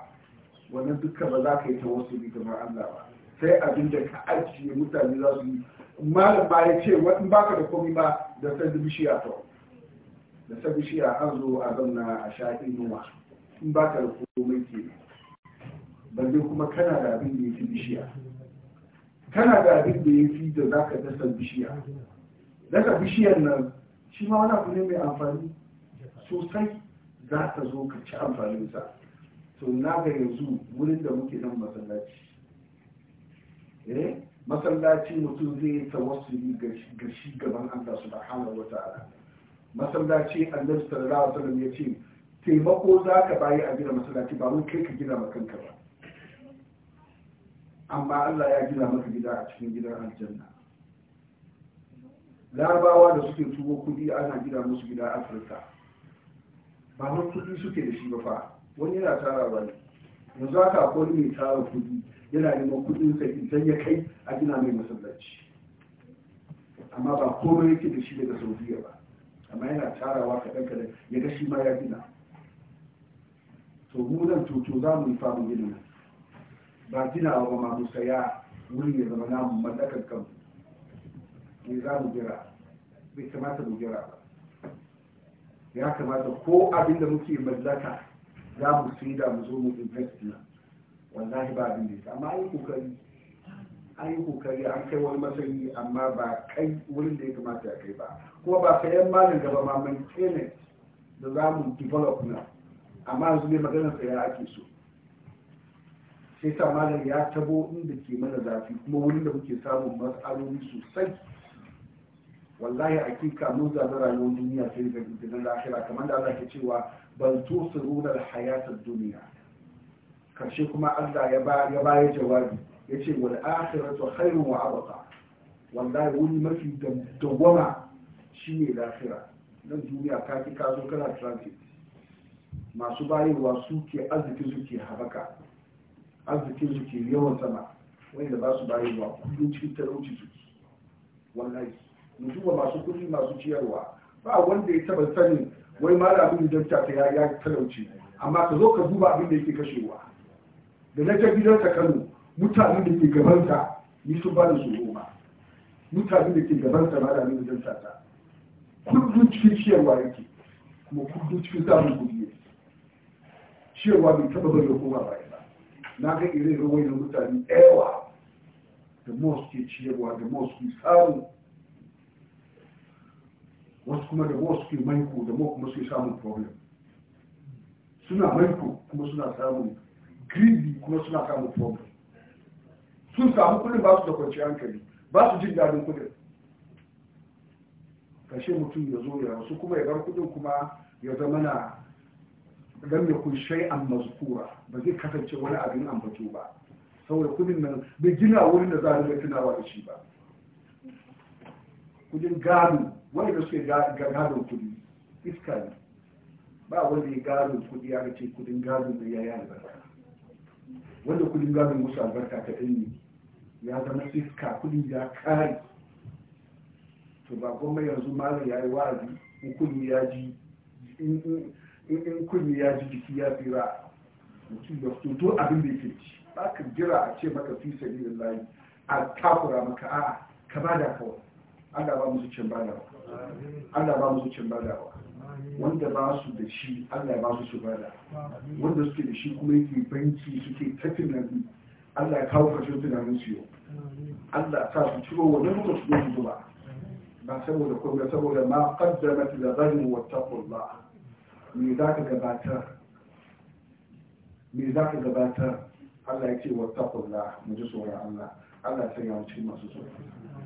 wannan dukkan ba za ka yi ta tawassuli gaban Allah ba sai abin da ka ajiye mutane za su yi malam ba ya ce wani baka da komai ba da bishiya da sanda bishiya an zo a zanna a sha inuwa in baka da komai ke ban kuma kana da abin da ya fi bishiya kana da abin da ya fi da za ka dasa bishiya daga bishiyar nan shi ma wani abu ne mai amfani sosai za ta zo ka ci amfaninsa to na ga yanzu wurin da muke nan masallaci eh masallaci mutum zai yi tawassuli ga shi gaban Allah subhanahu wa masallaci annabi sallallahu alaihi wasallam ya ce taimako za ka bayi a gina masallaci ba mun kai ka gina ma kanka ba amma Allah ya gina maka gida a cikin gidan aljanna larabawa da suke tubo kudi ana gina musu gida afirka ba mun kudi suke da shi ba fa wani yana tara ba ne yanzu haka akwai mai tara kudi yana neman kudin sa idan ya kai a gina mai masallaci amma ba komai yake da shi daga saudiya ba amma yana tarawa kaɗan kaɗan ya ga shi ma ya gina to mu nan to za mu yi famu gina nan ba ginawa ba masu saya wuri ya zama namu mallakar kan ne za mu jira bai kamata mu jira ba ya kamata ko abin da muke mallaka za mu sai da mu zo mu invest na wallahi ba abin da amma an kokari an yi kokari an kai wani matsayi amma ba kai wurin da ya kamata ya kai ba kuma ba sayan malin gaba ma maintenance da za mu develop na amma yanzu ne maganar saya ake so sai sa malam ya tabo inda ke mana zafi kuma wurin da muke samun matsaloli sosai wallahi hakika mun zaɓi rayuwar duniya sai ga gidan lahira kamar da Allah ke cewa bal tusiruna hayatar duniya. karshe kuma Allah ya jawabi, ya ce, jawabi yace wal akhiratu khairun wa wallahi wuri mafi dawwama shine lahira nan duniya ka ki ka kana transit masu bayarwa suke arzikin arziki ke habaka arzikin su ke yawan sama wanda ba su bayarwa kudin cikin talauci su wallahi mu ba masu kudi masu ciyarwa ba wanda ya taba sanin wai ma da abin da ta ya ya talauci amma ka zo ka duba abin da yake kashewa da na ta gidansa Kano mutane da ke gaban ta, ni sun ba da su ba mutane da ke gaban ta, ma da abin da ta kudin cikin ciyarwa yake kuma kudin cikin samun kuɗi ne ciyarwa bai taba bari da koma baya na ga irin ruwan da mutane ɗaya da mos ke ciyarwa da mos ke samu wasu kuma da mos ke maiko da mos kuma sai samun problem suna maiko kuma suna samun gribi kuma suna samun problem sun samu kudin ba su da kwanciyar hankali ba su jin daɗin kudin kashe mutum ya zo ya rasu kuma ya bar kudin kuma ya zama na lam yakun shay'an mazkura ba zai kasance wani abin ambato ba saboda kudin nan bai gina wurin da za a riga tunawa da shi ba kudin gado wanda suke gado kudi iska ne ba wanda ya gado kudi ya ce kudin gado da ya yi albarka wanda kudin gado musu albarka ta ɗanyi ya zama iska kudin ya kare to ba kuma yanzu malam ya yi wa'azi hukumi ya ji in kunni ya ji jiki ya tsira mutum da fito abin da yake ci ba ka jira a ce maka fi da layi a takura maka a ka ba da kawai Allah ba musu cin wa Allah ba musu cin wa wanda ba su da shi Allah ba su su bada wanda suke da shi kuma yake banki suke tafi na bi Allah ya kawo kashin tunanin su yau Allah ta su ciro wani muka su zo su ba ba saboda kuma saboda ma qaddamat la zalimu wa taqullah me za ka gabatar Allah ya ce wa taqulla mu ji tsoron Allah Allah ya sanya masu tsoro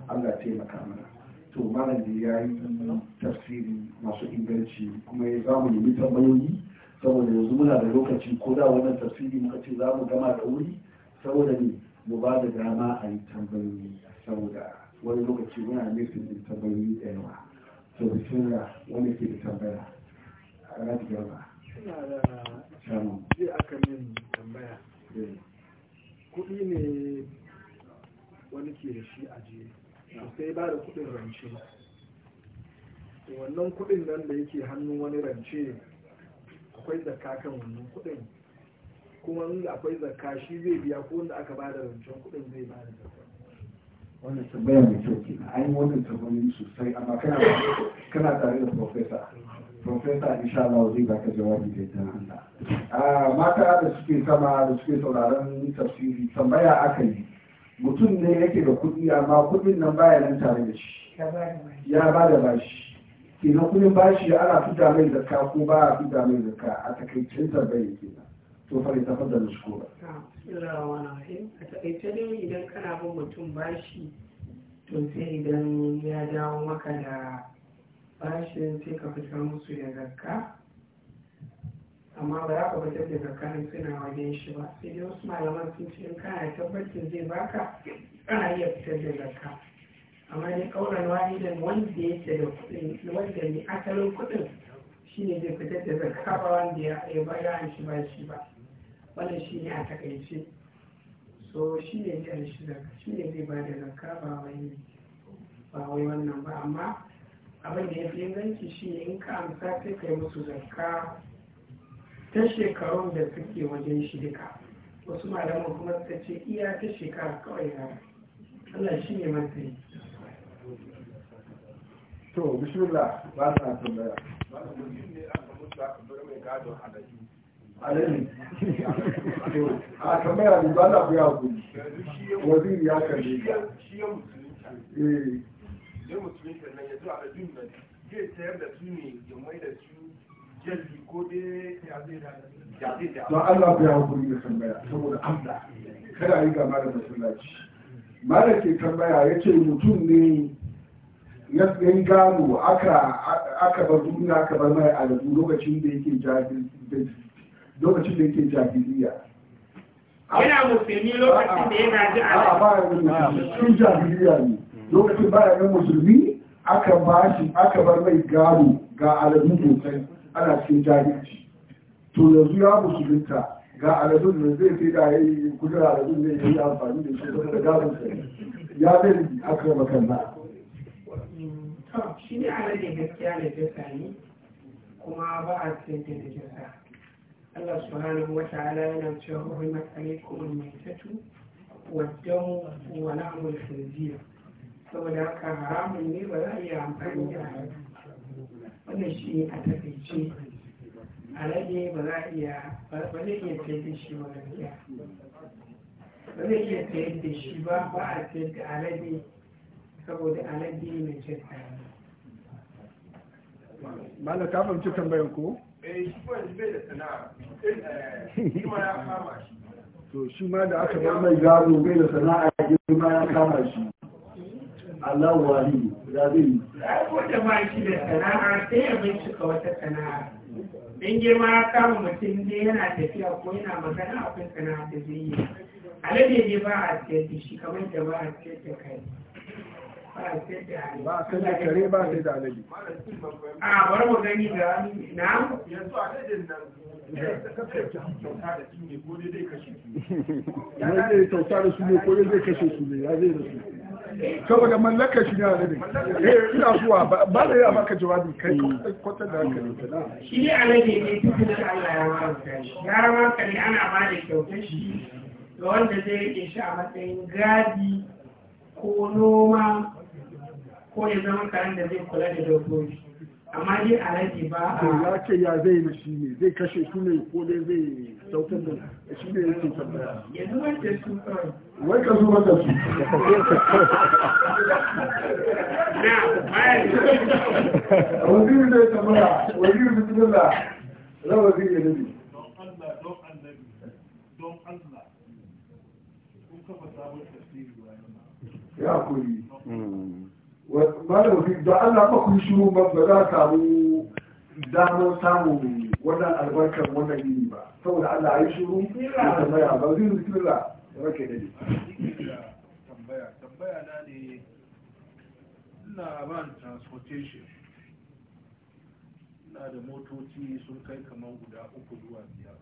Allah ya maka mana to malam da ya yi tafsiri masu inganci kuma ya za mu nemi tambayoyi saboda yanzu muna da lokaci ko da wannan tafsiri muka ce za mu gama da wuri saboda ne mu ba da dama a yi tambayoyi saboda wani lokaci muna nesa da tambayoyi da yawa to bisimila wani ke da tambaya zai aka min tambaya kuɗi ne wani ke da shi ajiye sai ba da kuɗin rance wannan kuɗin nan da yake hannun wani rance akwai zakka kan wannan kuɗin kuma in akwai zakka shi zai biya ko wanda aka ba da rancen kuɗin zai ba da zakka wannan tambaya mai kyau ke an yi wannan tambayoyi sosai amma kana tare da profesa Profesa isha Allah ba ka jawabi da ita Allah. Ah, mata da suke sama da suke sauraron tafsiri tambaya aka yi. Mutum ne yake da kuɗi amma kuɗin nan baya nan tare da shi. Ya ba da bashi. Kenan kuɗin bashi ana fita mai zakka ko ba a fita mai zakka a takaicin ke nan to fa ta fadda da shukura. A taƙaice dai idan kana bin mutum bashi to sai idan ya dawo maka da bashin sai ka fitar musu da zakka amma ba za ka fitar da zakka ne suna wajen shi ba sai dai wasu malaman sun ce kana tabbacin zai baka ana iya fitar da zakka amma ne kauran wahidan wanda yake da kuɗin wanda ne asalin kuɗin shine zai fitar da zakka ba wanda ya ya bayan shi ba shi ba wannan shine a takaice so shine zai shi zai ba da zakka ba wai wannan ba amma abin da ya fi inganci shi in ka amsa sai ka yi musu zarka ta shekarun da suke wajen shi duka wasu malaman kuma suka ce iya ta shekara kawai na Allah shi ne yi to bishirullah ba su na tambaya ba su mutum ne aka mutu aka bari mai gado a tambaya ne ba na waziri ya kalli shi ya sai musulmi sannan ya zo a ɗajin sayar da su ne ya da su jalli ko dai ya zai da don Allah ya hukuri da tambaya saboda Allah kada yi gama da masallaci mara ke tambaya ya ce mutum ne na tsayin gano aka bar duniya aka bar mai aladu lokacin da yake lokacin da yake jahiliya yana musulmi lokacin da yana ji aladu lokacin baya nan musulmi aka bashi, aka bar mai gado ga aladu sosai ana cikin jahilci to yanzu ya musulunta ga aladun da zai sai da ya yi kudin aladun ne ya yi amfani da shi saboda gadon sa ya zai aka raba kanna shi ne a rage gaskiya da jasa ne kuma ba a cikin da jasa Allah subhanahu wa ta'ala yana cewa hurmat alaikum al-maitatu wad-damu wa lahmul khinzir saboda haka haramun ne ba za a iya amfani da wannan shi ne a takaice alade ba za a iya ba zai iya sayar da shi ba gaskiya ba zai iya sayar da shi ba ba a sayar da alade saboda alade mai cin Malam ka fahimci tambayar ko? Eh, shi ba bai da sana'a. Eh, shi ma ya kama shi. To, shi ma da aka ba mai gado bai da sana'a girma ya kama shi. Allah wali za zai yi. Wanda ba shi da sana'a sai ya bincika wata sana'a. Don girma kama mutum ne yana tafiya ko yana magana a akwai sana'a da zai yi. Alade ne ba a siyar da shi kamar da ba a siyar da kai. Ba a siyar da alade. da kare ba a da alade. A bar mu gani da na. Yanzu aladen nan ya zai kyauta da su ne ko zai kashe su ne ya zai da su. saboda mallakar shi ne ne eh ina zuwa ba da ya maka jawabi kai hmm. kwatar da ne. shi ne annabi ne tukunan Allah ya waranta shi ya waranta ne ana ba da kyautar shi ga wanda zai rike shi a matsayin gadi ko noma ko ya zama karen da zai kula da dokoki amma dai rage ba a ya ce ya zai na shi ne zai kashe su ne ko dai zai sautar da shi ne ya ce tambaya yanzu wanda su kawai wai ka zuba da su waziri da ya tambara waziri bismillah na waziri ya nabi don Allah ya kuri malam fi da Allah ba ku shiru ba ba za samu damar samun wannan albarkar wannan yini ba saboda Allah ya shiru ya tambaya ba zai bismillah rake dade tambaya tambaya na ne ina ban transportation ina da motoci sun kai kamar guda uku zuwa biyar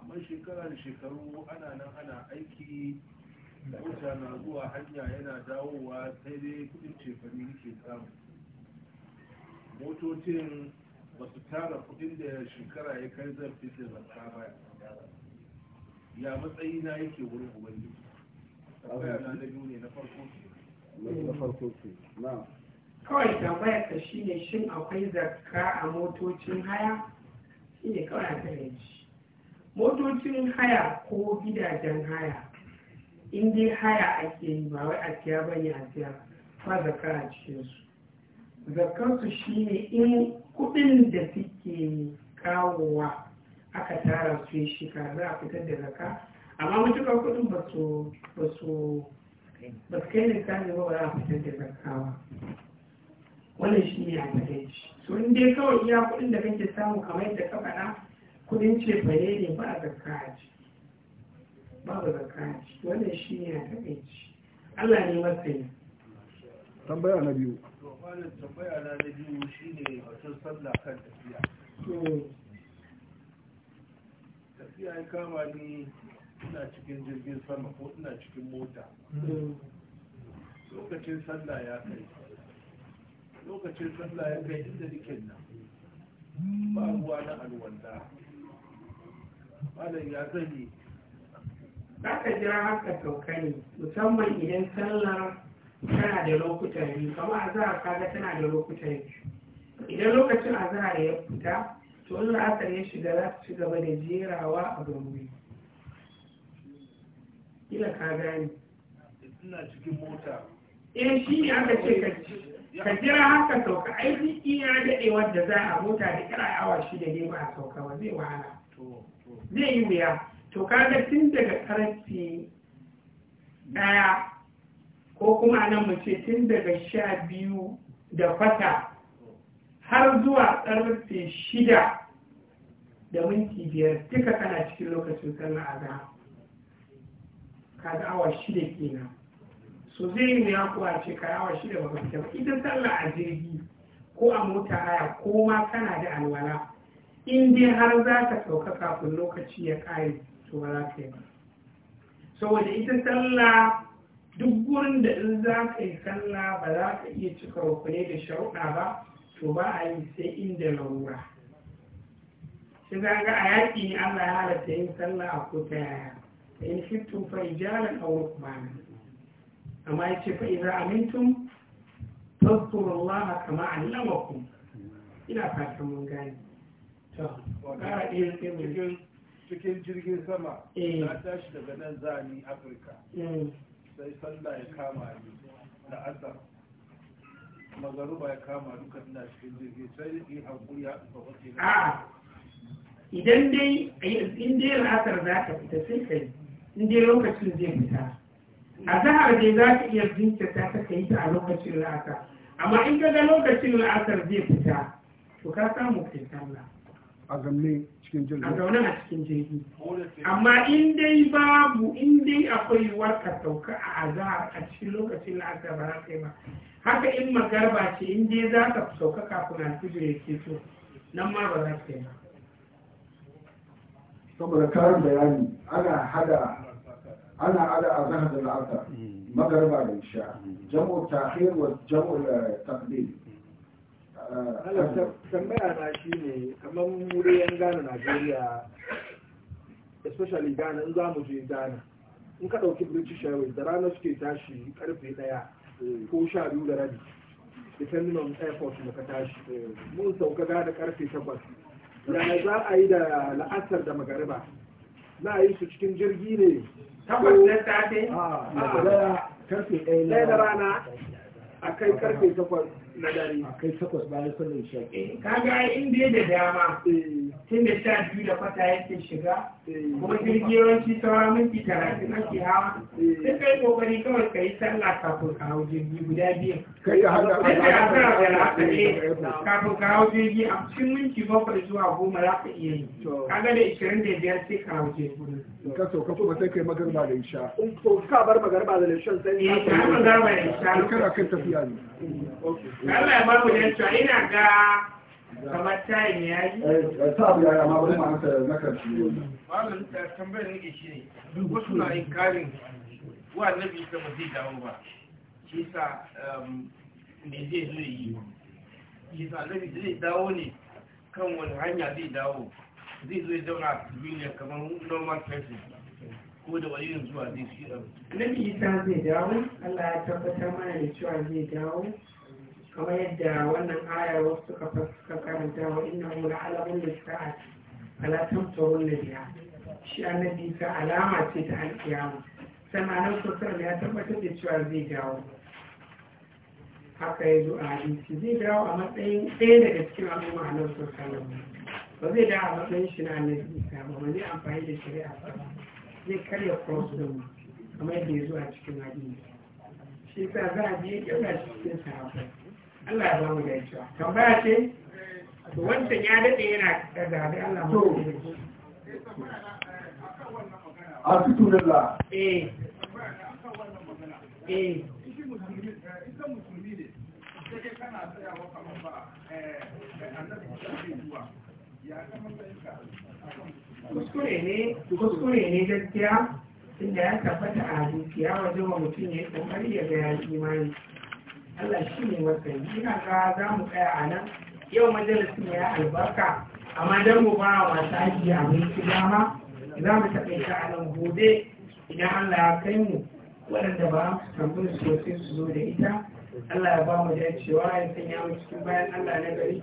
amma shekara da shekaru ana nan ana aiki mota na zuwa hanya yana dawowa sai dai kudin cefani nake samu motocin ba su tara kudin da shekara ya kai zan fitar da baya ya matsayi na yake wurin ubangiji na farko ke na kawai tambayar ka ne shin akwai zakka a motocin haya ne kawai a ji motocin haya ko gidajen haya in dai haya ake yi ba wai a siya ba ne a siya ba zakka a cikinsu zakkarsu ne in kudin da suke kawowa aka tara su shekara za a fitar da zaka amma matukar kudin ba su kai lissafi ba za a fitar da zaka ba wannan shi ne a takaici so in dai kawai iya kudin da kake samu kamar yadda ka faɗa kudin ce fare ne ba a zakka a ci babu zaka a ci wannan shi ne a takaici Allah ne masani tambaya na biyu tambaya na biyu sallah kan tafiya hmm. tafiya ya kama ni ina cikin jirgin sama ko ina cikin mota lokacin sallah ya kai lokacin sallah ya kai inda nake nan ba ruwa na alwanda malam ya zanyi za ka jira haka sauka ne musamman idan sallah tana da lokutan biyu kama a ka kaga tana da lokutan biyu idan lokacin a ya fita to in la'asar ya shiga za su ci gaba da jerawa a gombe ila ka gane ina cikin mota eh shi ne aka ce ka jira haka sauka aiki iya daɗe wanda za a mota da kira awa shi da ba a sauka ba zai wahala zai yi wuya to kaga tun daga karfe ɗaya ko kuma nan mu ce tun daga sha biyu da fata? har zuwa ƙarfe shida da minti biyar duka kana cikin lokacin sallah a Ka kaga awa shida kenan so zai yi ya kuwa ce ka awa shida ba ba ita sallah a jirgi ko a mota haya ko ma kana da alwala in dai har za ka sauka kafin lokaci ya kare to ba za ka yi ba saboda ita sallah duk gurin da in za ka yi sallah ba za ka iya cika rukuni da sharuɗa ba to ba a yi sai inda larura shi ga a yaƙi ne allah ya halatta yin sallah a ko ta yaya ta in fitun fa ijalan a rukmana amma ya ce fa idan amintum fasurullaha kama allamakum ina fatan mun gane to ƙara ɗaya sai mu cikin jirgin sama na eh. tashi daga nan zani afirka mm. sai sallah ya kama ni da asar magaruba ya kama duka ina cikin jirgi sai yi hankuri ya ɗuka wace na idan dai in dai la'asar za ka fita sai ka yi in dai lokacin zai fita a zahar dai za ka iya jinkirta ta ka yi ta a lokacin la'asar amma in ka ga lokacin la'asar zai fita to ka samu kai sallah a gamme cikin jirgi a zaune a cikin jirgi amma in dai babu in dai akwai yiwuwar ka sauka a azahar a cikin lokacin la'asar ba za kai yi ba haka in magarba ce in dai za ka sauka kafin alfijir ya ke so nan ma ba za ka yi ba saboda karin bayani ana hada ana hada azahar da la'asar magarba da isha jam'u ta'khir wa jam'u eh, taqdim tambaya na shi ne kamar muriyan gane najeriya especially ghana in za mu je ghana in ka ɗauki british airways da ranar suke tashi karfe daya ko sha biyu da rabi depending on airport da ka tashi mun sauka gada karfe takwas yana za a yi da la'asar da magariba Na yi su cikin jirgi ne takwas na safe a karfe ah. ɗaya na rana a kai karfe takwas na dare a kai takwas bayan sallar isha eh, kaga inda da dama eh. tun da sha biyu da fata yake shiga eh. kuma jirgi yawanci sauran minti talatin ake hawa sai kai kokari kawai ka yi sallah kafin ka hau jirgi guda biyu kai ya hada a a da kafin ka hau jirgi a cikin minti bakwai zuwa goma za ka iya yi kaga da ishirin da biyar sai ka hau jirgi ka ka kuma sai kai magarba da isha ka bar magarba da isha sai ka bar magarba da isha kana kan tafiya Allah ya bar mu da ina ga kamar tayin yayi eh ta eh, abu yayi amma bari mu amsa na karshe malam tambayar nake shine wasu na inkarin wa annabi ta ba zai dawo ba shi sa mai um, zai zo yi shi sa zai dawo ne kan wani hanya zai dawo zai zo ya zauna a civilian kamar normal person kuma da waliyin zuwa zai shi da nabi isa zai dawo allah ya tabbatar mana da cewa zai dawo kamar yadda wannan aya wasu suka suka karanta wa da suka la'alamun lisa'at ala tamtarun biya. shi annabi isa alama ce ta alkiyama sannan nan sosai ya tabbatar da cewa zai dawo haka ya zo a hadisi zai dawo a matsayin ɗaya daga cikin al'umma a nan sosai ba zai dawo a matsayin shi na annabi isa ba ba zai amfani da shari'a ba zai karya crossbow kamar yadda ya zuwa cikin hadisi shi sa za a je ya ba shi cikin sahabbai Allah ya ba mu dacewa tambaya ce to wancan ya daɗe yana da dade Allah mu to a cikin da eh eh eh annabi ya kuskure ne kuskure ne gaskiya tunda ya tabbata a hadisi ya wa mutum ya yi kokari ya ga ya Allah shi ne masani ina ga za mu tsaya a nan yau majalisin ya albarka amma dan mu ba masu aiki abinci dama za mu taɓa a nan gobe idan Allah ya kai mu waɗanda ba su sosai su zo da ita Allah ya ba mu dacewa ya sanya mu cikin bayan Allah na gari